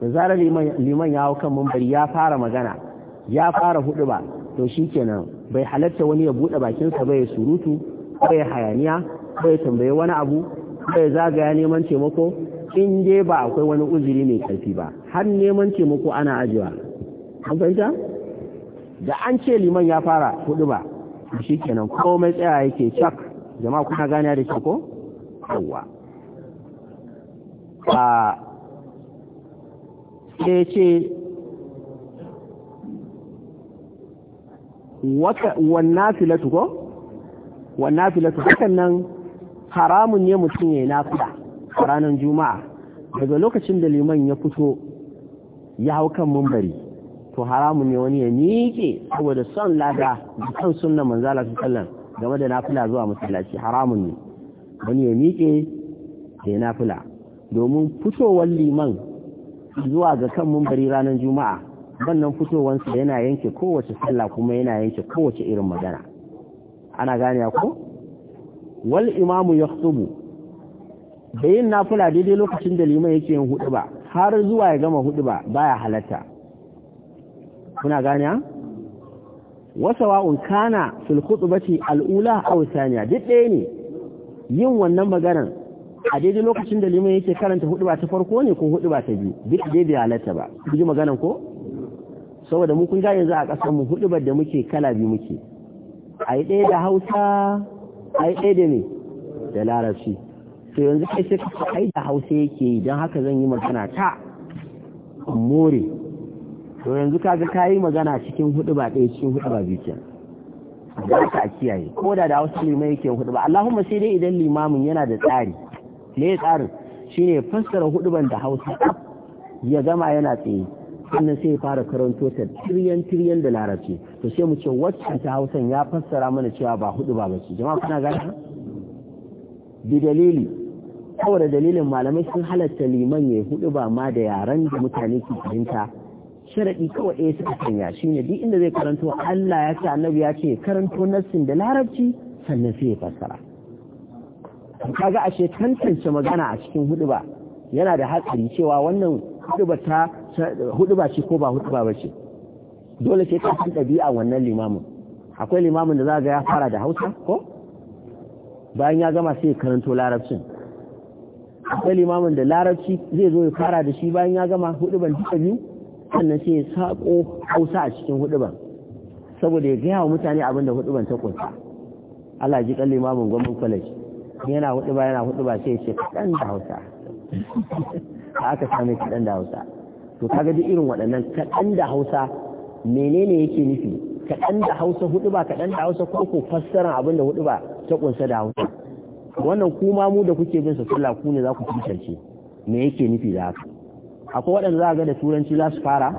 A: da zarar liman ya hau kan mambari ya fara magana ya fara hudu ba to shikenan bai halatta wani ya bude bakinsa bai surutu bai hayaniya bai tambaye wani abu bai zagaya neman taimako in dai ba akwai wani uzuri mai karfi ba har neman taimako ana ajiwa an fahimta da an ce liman ya fara hudu ba shi kenan komai tsaya yake cak jama'a kuna gane da shi ko yawa a ce ce wannan filatu ko wannan filatu hakan nan haramun ne mutum ya yi nafuda ranar juma'a daga lokacin da liman ya fito ya hau kan mumbari to haramun ne wani ya miƙe saboda son lada da kan sunna manzo Allah sallallahu game da nafila zuwa masallaci haramun ne wani ya miƙe da nafila domin fitowar liman zuwa ga kan mumbari ranar juma'a wannan fitowarsa yana yanke kowace sallah kuma yana yanke kowace irin magana ana gane ko wal imamu yaktubu da yin nafila daidai lokacin da liman yake yin hudu har zuwa ya gama hudu baya halatta kuna gane wasawa'un kana fil khutbati al'ula aw thaniya duk ɗaya ne yin wannan maganar a daidai lokacin da liman yake karanta huduba ta farko ne ko huduba ta biyu duk dai bai halatta ba ku ji maganar ko saboda mu kun ga yanzu a ƙasar mu hudubar da muke kala biyu muke ai ɗaya da Hausa ai ɗaya da me da Larabci to yanzu kai sai ka ai da Hausa yake yi don haka zan yi magana ta more to yanzu kaga kayi magana cikin hudu ba ɗaya cikin hudu ba zuciya ba ka kiyaye ko da da wasu limai yake hudu ba Allahumma sai dai idan limamin yana da tsari me tsarin shine fassara ban da Hausa ya gama yana tsaye sannan sai ya fara karanto ta tiryan tiryan da larabci to sai mu ce waccan ta Hausan ya fassara mana cewa ba hudu ba bace jama'a kuna gane bi dalili saboda dalilin malamai sun halatta liman ya hudu ba ma da yaran da mutane ke fahimta sharaɗi kawai ɗaya suka sanya shi ne duk inda zai karanto Allah ya ce annabi ya ce karanto nassin da larabci sannan sai ya fassara kaga ashe tantance magana a cikin huduba yana da hatsari cewa wannan huduba ta huduba ce ko ba huduba ba ce dole sai ka san ɗabi'a wannan limamin akwai limamin da za ga ya fara da Hausa ko bayan ya gama sai ya karanto larabcin akwai limamin da larabci zai zo ya fara da shi bayan ya gama huduban duka biyu sannan sai ya saƙo hausa a cikin huduban saboda ya gaya wa mutane abin da huduban ta kunsa Allah ji kalli mamun gwamnan college yana huduba yana huduba sai ya ce kaɗan da hausa a aka same kaɗan da hausa to kaga duk irin waɗannan kaɗan da hausa menene yake nufi kaɗan da hausa huduba kaɗan da hausa ko ko fassara abin da huduba ta kunsa da hausa wannan kuma mu da kuke bin sa sallah ku ne za ku tantance me yake nufi da haka akwai waɗanda za a ga da turanci za su fara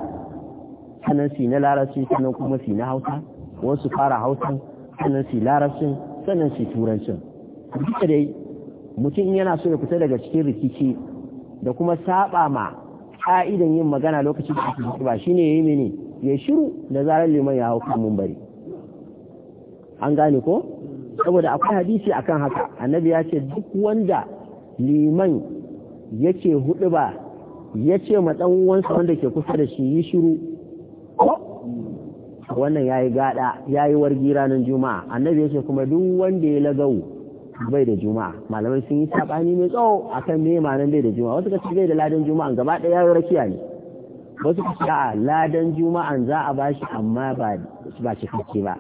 A: hannun si na larabci sannan kuma si na hausa su fara Hausa sannan si larabcin sannan si turancin duka dai mutum yana so ya fita daga cikin rikici da kuma saba ma ka'idan yin magana lokacin da ake ba shine yayi mene ya shiru da zarar liman ya hau kan mumbari an gane ko saboda akwai hadisi akan haka annabi ya ce duk wanda liman yake hudu ba ya ce ma ɗan uwansa wanda ke kusa da shi yi shiru wannan ya yi gada ya yi wargi ranar juma'a annabi ya ce kuma duk wanda ya lagau bai da juma'a malamai sun yi saɓani mai tsawo akan me malan bai da juma'a wasu kace bai da ladan juma'a gaba ɗaya yi rakiya ne wasu kace a ladan juma'a za a bashi amma ba shi cikakke ba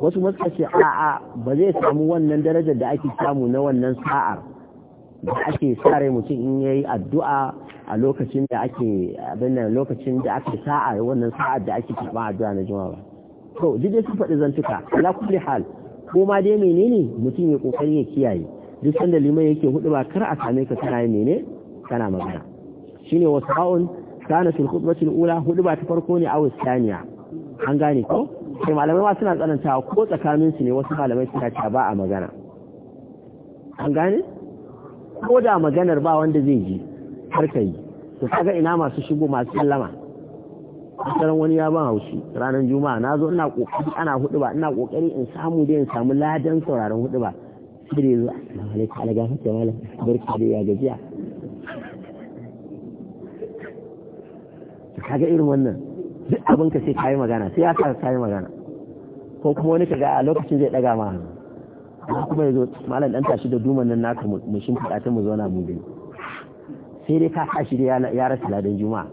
A: wasu masu suka a'a ba zai samu wannan darajar da ake samu na wannan sa'ar da ake sare mutum in ya yi addu'a a lokacin da ake abin nan lokacin da ake sa'a wannan sa'a da ake karɓa addu'a na juma'a to duk dai sun faɗi zantuka ala kulli hal ko ma dai menene mutum ya kokari ya kiyaye duk sanda liman yake hudu ba kar a same ka kana mene kana magana shine wasa'un kana fil khutbati al-ula hudu ba ta farko ne aw thaniya an gane ko sai malamai ma suna tsanantawa ko tsakanin su ne wasu malamai suna cewa ba a magana an gane ko da maganar ba wanda zai ji har ka yi to kaga ina masu shigo masu sallama asalan wani ya ban haushi ranar juma'a na zo ina kokari ana hudu ba ina kokari in samu dai in samu ladan sauraron hudu ba sai dai zo assalamu alaikum alaga hakka malam barka da ya gajiya kaga irin wannan duk abin ka sai kayi magana sai ya ka kayi magana ko kuma wani kaga a lokacin zai daga ma hannu amma kuma yazo malam dan tashi da duman nan naka mu shin ta mu zauna mu biyu sai dai ka tashi da ya rasa ladan juma'a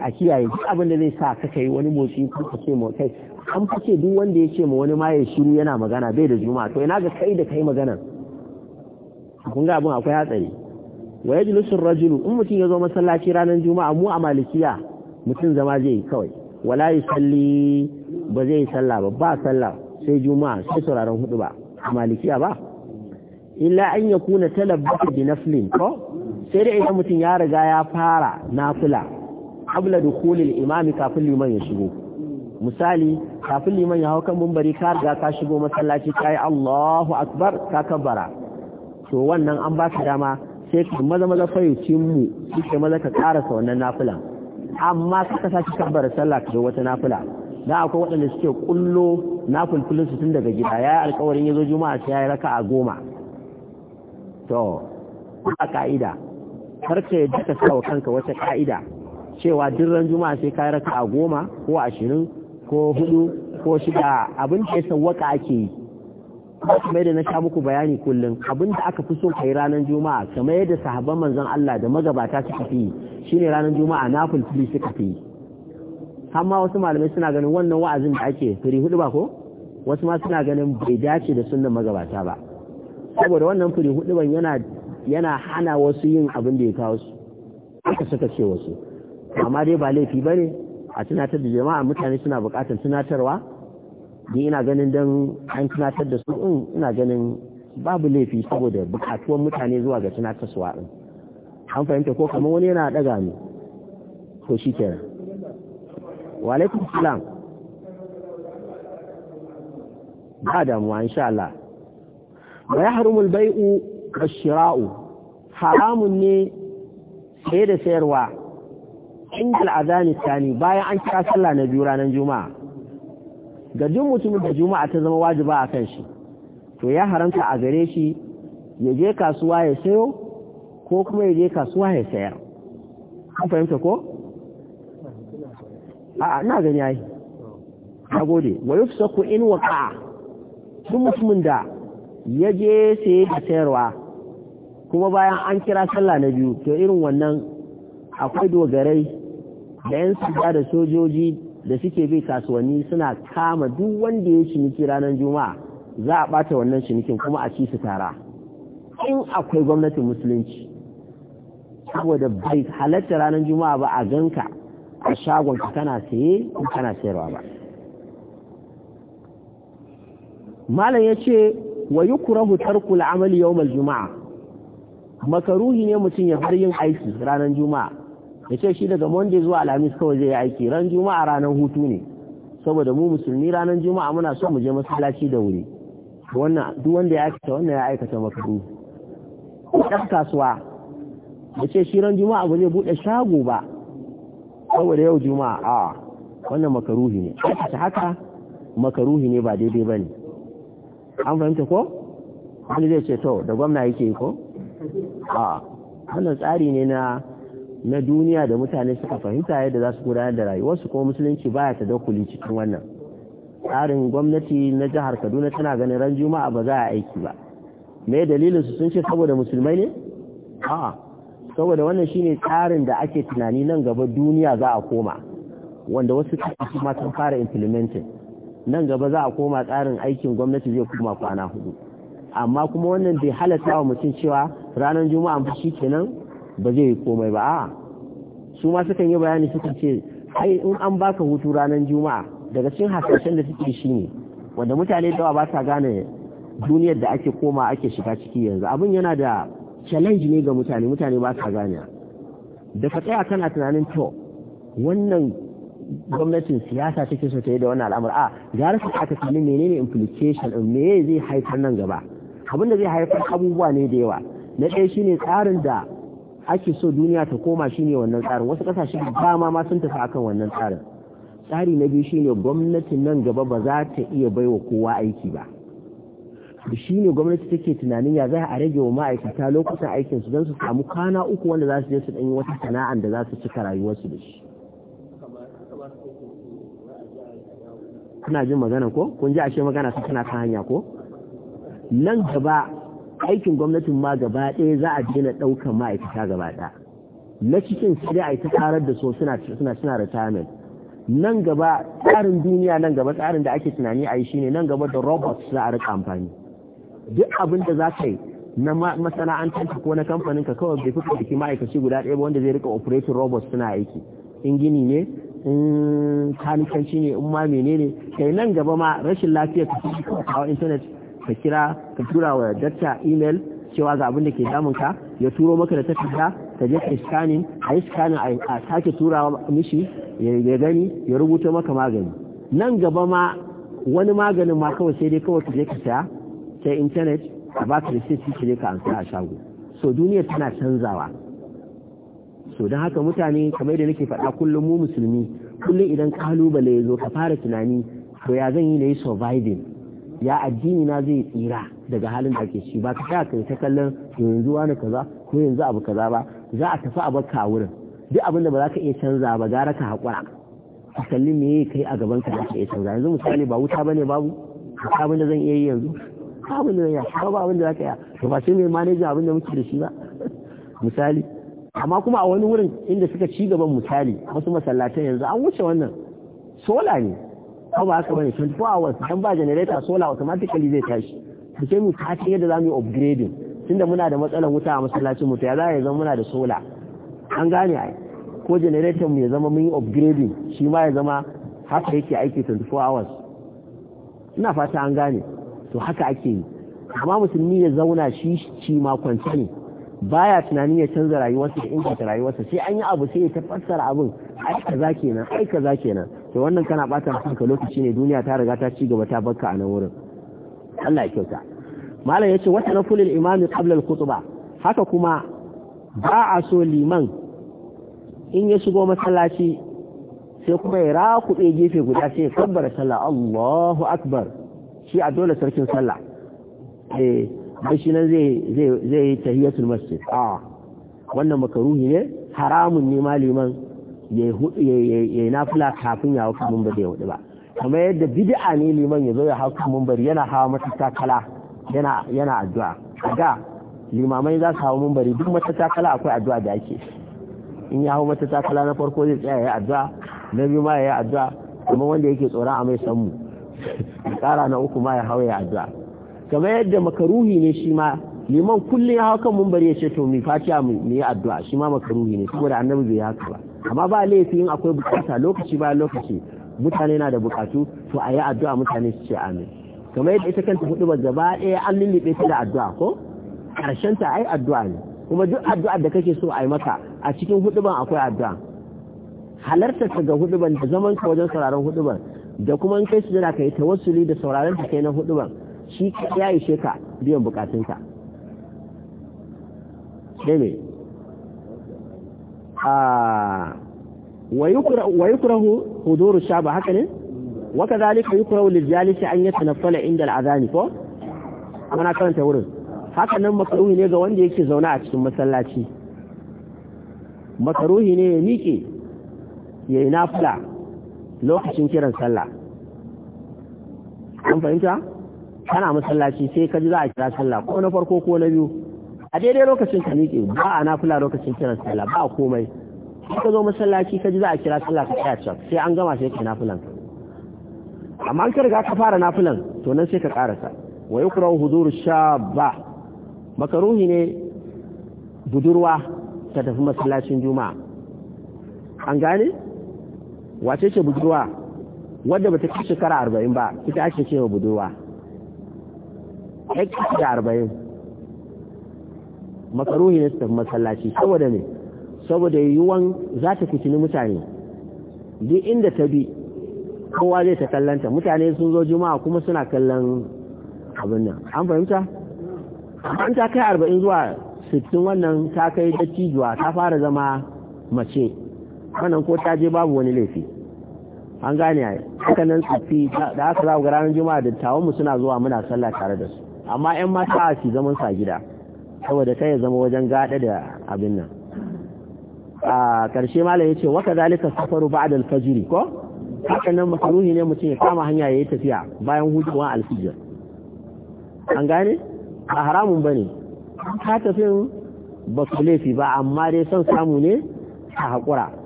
A: a kiyaye duk abin da zai sa ka kai wani motsi ko ka ce mu kai an fice duk wanda ya ce ma wani ma ya shiru yana magana bai da juma'a to ina ga kai da kai magana kun ga abin akwai hatsari wa yajlisu rajulu in mutum ya zo masallaci ranar juma'a mu a malikiya mutum zama zai yi kawai wala yusalli ba zai yi sallah ba ba sallah sai juma'a sai sauraron hudu ba a malikiya ba illa an ya kuna talabbata bi naflin ko sai da idan mutum ya riga ya fara nafila abla dukhulil imami kafin liman ya shigo misali kafin liman ya hau kan mumbari ka riga ka shigo masallaci ka yi Allahu akbar ka kabbara to wannan an ba dama sai ka maza maza fayyucin mu shi maza ka karasa wannan nafilan amma suka sake kabbara sallah ka wata nafila dan akwai waɗanda suke kullo na su tun daga gida Ya yayi alƙawarin yazo juma'a sai raka a goma to a ka'ida kar ka yadda ka sa wa kanka wata ka'ida cewa duk ran juma'a sai raka a goma ko ashirin ko hudu ko shida abin da ya sawwaka ake yi kamar yadda na sha muku bayani kullum abin da aka fi so ka yi ranar juma'a kamar yadda sahabban manzon Allah da magabata suka fi yi. shine ranar juma'a na suka fi yi. amma wasu malamai suna ganin wannan wa'azin da ake firi hudu ba ko wasu ma suna ganin bai dace da sunnan magabata ba saboda wannan firi hudu ban yana yana hana wasu yin abin da ya kawo su aka suka ce wasu amma dai ba laifi bane a tunatar da jama'a mutane suna buƙatar tunatarwa ni ina ganin dan an tunatar da su in ina ganin babu laifi saboda buƙatuwar mutane zuwa ga tunatarwa din an fahimta ko kamar wani yana daga ni to shikenan wa alaikum salam ba damuwa insha Allah wa yahrumu al-bai'u wash haramun ne sai da sayarwa inda al ni sani, bayan an kira sallah na biyu ranar juma'a ga duk mutumin da juma'a ta zama wajiba a kan shi to ya haramta a gare shi ya je kasuwa ya sayo ko kuma ya je kasuwa ya sayar an fahimta ko a na gani ai na gode wa in waqa'a duk mutumin da ya je saye da sayarwa kuma bayan an kira sallah na biyu to irin wannan akwai dogarai da yan sanda da sojoji da suke bi kasuwanni suna kama duk wanda ya ciniki ranar juma'a za a bata wannan cinikin kuma a ci su tara in akwai gwamnatin musulunci saboda bai halatta ranar juma'a ba a ganka a shagon ka kana saye in kana sayarwa ba malam ya ce wa yi kurahu tarku la'amali yau juma'a makaruhi ne mutum ya bar yin aiki ranan juma'a ya ce shi daga monday zuwa alhamis kawai zai yi aiki ran juma'a ranar hutu ne saboda mu musulmi ranar juma'a muna so mu je masallaci da wuri wannan duk wanda ya aikata wannan ya aikata makaruhi ɗan kasuwa ya ce shi ran juma'a ba zai buɗe shago ba saboda yau juma'a a wannan makaruhi ne ta haka makaruhi ne ba daidai ba ne an fahimta ko wani zai ce to da gwamna yake ko a wannan tsari ne na na duniya da mutane suka fahimta yadda za su gudanar da rayuwarsu ko musulunci baya ta dakuli cikin wannan tsarin gwamnati na jihar kaduna tana ganin ran juma'a ba za a aiki ba me dalilin su sun ce saboda musulmai ne a'a saboda wannan shine tsarin da ake tunani nan gaba duniya za a koma wanda wasu kasashe ma sun fara implementing nan gaba za a koma tsarin aikin gwamnati zai kuma kwana hudu amma kuma wannan bai halatta wa mutum cewa ranar juma'a ba shi kenan ba zai yi komai ba a'a su ma sukan yi bayani sukan ce ai in an baka hutu ranar juma'a daga cikin hasashen da suke shi ne wanda mutane dawa ba sa gane duniyar da ake koma ake shiga ciki yanzu abin yana da challenge ne ga mutane mutane ba sa gane da ka tsaya kana tunanin to wannan gwamnatin siyasa take so ta yi da wannan al'amur a gara su aka tunanin menene implication din me zai haifar nan gaba abin da zai haifar abubuwa ne da yawa na ɗaya shine tsarin da ake so duniya ta koma shine wannan tsarin wasu ƙasashe da dama ma sun tafi akan wannan tsarin tsari na biyu shine gwamnatin nan gaba ba za ta iya baiwa kowa aiki ba da shi ne gwamnati take tunanin ya za a rage wa ma'aikata lokutan aikinsu don su samu kana uku wanda za su je su ɗanyi wata sana'an da za su cika rayuwarsu da shi kuna jin magana ko kun ji ashe magana su tana kan hanya ko nan gaba aikin gwamnatin ma gaba ɗaya za a daina ɗaukan ma'aikata gaba ɗaya na cikin sai dai a yi ta karar da so suna suna suna retirement nan gaba tsarin duniya nan gaba tsarin da ake tunani a yi shine nan gaba da robots za a rika amfani duk abin da za ka yi na masana'antarka ko na kamfanin ka kawai bai fito jiki ma'aikaci guda ɗaya ba wanda zai rika operating robot suna aiki in gini ne in kanikanci ne in ma menene kai nan gaba ma rashin lafiya ka fi kawo intanet ka kira ka tura wa data email cewa ga abin da ke damun ka ya turo maka da takarda ka je ka scanning a yi scanning a sake turawa mishi ya gani ya rubuta maka magani nan gaba ma wani maganin ma kawai sai dai kawai ka je ka saya ta intanet a ba ka receipt ne ka amsa a shago so duniya tana canzawa so don haka mutane kamar da nake faɗa kullum mu musulmi kullum idan kalubale ya zo ka fara tunani to ya zan yi na yi surviving ya addini na zai tsira daga halin da ake ci ba ka sa kai ta kallon yanzu wani kaza ko yanzu abu kaza ba za a tafi a baka a wurin duk abin da ba za ka iya canza ba gara ka haƙura a kalli me kai a gaban ka za ka iya canza yanzu misali ba wuta bane babu abin da zan iya yi yanzu abin da ya haraba ba abin da zaka ya to ba shi ne manajan abin da muke da shi ba misali amma kuma a wani wurin inda suka ci gaban misali wasu masallatan yanzu an wuce wannan sola ne ko ba haka bane 24 hours dan ba generator sola automatically zai tashi da sai mu tashi yadda mu yi upgrading tunda muna da matsalar wuta a masallacin mu to ya za ya zama muna da sola an gane ai ko generator mu ya zama mun yi upgrading shi ma ya zama haka yake aiki 24 hours ina fata an gane to haka ake yi amma musulmi ya zauna shi shi ma ne baya tunanin ya canza rayuwarsa da inganta rayuwarsa sai an yi abu sai ya tafassara abin ai kaza kenan ai kaza kenan to wannan kana bata kanka lokaci ne duniya ta riga ta ci gaba ta barka a nan wurin Allah ya kyauta malam yace wata na al-imam qabla al khutba haka kuma ba a so liman in ya shigo masallaci sai kuma ya rakuɓe gefe guda sai ya kabbara sallah Allahu akbar shi a dole sarkin sallah eh dan shi nan zai yi zai tahiyatul masjid a wannan makaruhi ne haramun ne maliman ya ya nafila kafin ya wuce mun bari ya wuce ba kamar yadda bid'a ne liman ya zo ya hauka mun bari yana hawa mata takala yana yana addu'a da limamai za su hawa mun bari duk mata takala akwai addu'a da ake in ya hawa mata takala na farko zai tsaya ya yi addu'a na biyu ma ya addu'a kuma wanda yake tsoron a mai kara na uku ma ya hawa ya addu'a kamar yadda makaruhi ne shi ma liman kullum ya hawa kan mumbari ya ce to mi fatiha mu yi addu'a shi ma makaruhi ne saboda annabi bai haka ba amma ba laifi in akwai bukata lokaci ba lokaci mutane na da bukatu to a yi addu'a mutane su ce amin kamar yadda ita kanta hudu ba gaba ɗaya an lullube ta da addu'a ko karshen ta ai addu'a ne kuma duk addu'a da kake so a yi maka a cikin huduban akwai addu'a halartar ga huduban da zaman ka wajen sauraron huduban da kuma in kai ka yi tawassuli da sauraron ta kai na hudu ban shi ya ishe ka biyan bukatunka dai a wa yukrahu huduru shaba haka ne wa kadhalika yukrahu lil jalisi an yatanaffala inda al'azani ko ana karanta wurin haka nan makaruhi ne ga wanda yake zauna a cikin masallaci makaruhi ne ya miƙe ya yi nafula lokacin kiran sallah an fahimta kana masallaci sai ka ji za a kira sallah ko na farko ko na biyu a daidai lokacin ka miƙe ba a nafila lokacin kiran sallah ba a komai sai ka zo masallaci ka ji za a kira sallah ka tsaya can sai an gama sai ka nafilan amma an riga ka fara nafilan to nan sai ka karasa wa huzuru huduru ba makaruhi ne budurwa ta tafi masallacin juma'a an gane wace ce budurwa wadda ba ta fi shekara arba'in ba ita ake wa budurwa ce da arba'in makaruhi na tafi masallaci saboda ne saboda yiwuwan za ta fitini mutane duk inda ta bi kowa zai ta kallanta mutane sun zo juma'a kuma suna kallon abin nan an fahimta an ta kai arba'in zuwa sittin wannan ta kai dattijuwa ta fara zama mace wannan ko ta je babu wani laifi an gane yi haka nan tsaffi da aka za ga ranar juma'a da tawonmu suna zuwa muna sallah tare da su amma yan mata a su zaman sa gida saboda kai ya zama wajen gada da abin nan a karshe malam ce waka zalika safaru ba da alfajiri ko haka nan masaruhi ne mutum ya kama hanya ya yi tafiya bayan hujuwan alfijir an gane ba haramun ba ne. ka tafin ba su laifi ba amma dai son samu ne a haƙura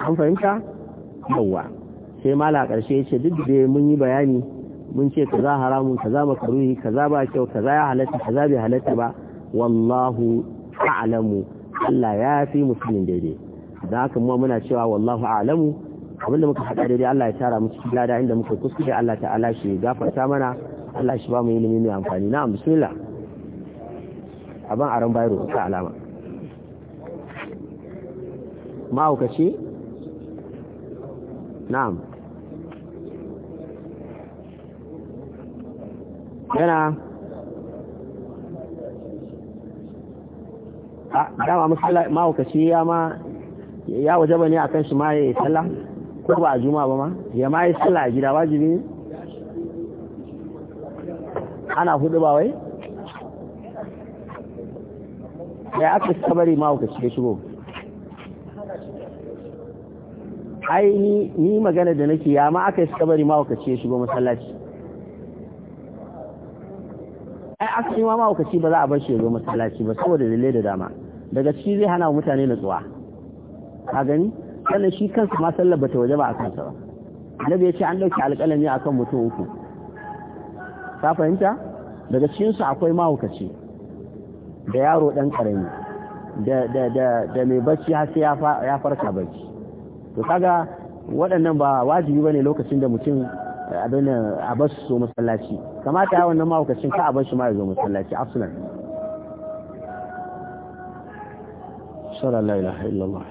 A: an fahimta yawa sai mala karshe ya ce duk da mun yi bayani mun ce kaza haramun kaza makaruhi kaza ba kyau kaza ya halatta kaza bai halatta ba wallahu a'lamu Allah ya fi musulmin daidai da haka mu muna cewa wallahu a'lamu abinda muka haɗa daidai Allah ya tara mu cikin lada inda muka kuskure Allah ta'ala shi gafarta mana Allah shi ba mu ilimi mai amfani na bismillah aban aran bayro ta alama ma'aukaci na'am yana a ah, dama musalla mahaukaci ya ma ya waje ba ne a kan shi ma ya yi sallah ko ba a juma ba ma ya ma yi sallah a gida wajibi
B: ana hudu ba wai ya aka kabari mahaukaci ya shigo
A: ai ni ni magana da nake ya ma aka yi suka bari mawakaci ya shigo masallaci ai aka yi ma mawakaci ba za a bar shi ya zo masallaci ba saboda dalilai da dama daga ciki zai hana mutane natsuwa ka gani sannan shi kansa ma sallar bata waje ba a kansa ba annabi ya ce an dauki alƙalami akan mutum uku ka fahimta daga cikin su akwai mahaukaci da yaro dan karami da da da da mai bacci har sai ya farka bacci to kaga waɗannan ba wajibi bane lokacin da mutum eh, abin a bar su masallaci kamata ya wannan mahaukacin ka a bar shi ma ya zo masallaci afsulan sallallahu alaihi illallah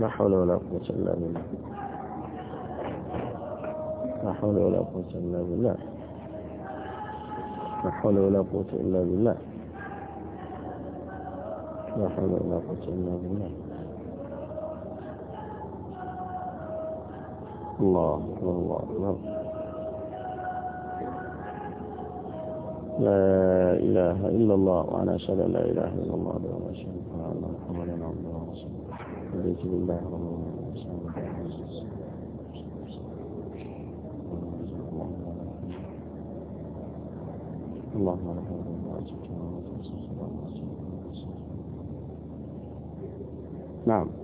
A: لا حول ولا قوة إلا بالله
B: لا حول ولا قوة
A: إلا بالله لا حول ولا قوة إلا بالله لا حول ولا قوة إلا بالله الله أكبر الله أكبر لا إله إلا الله وأنا أشهد أن لا إله إلا الله وحده
B: لا شريك له بسم الله اللهم لك الحمد واجبك نعم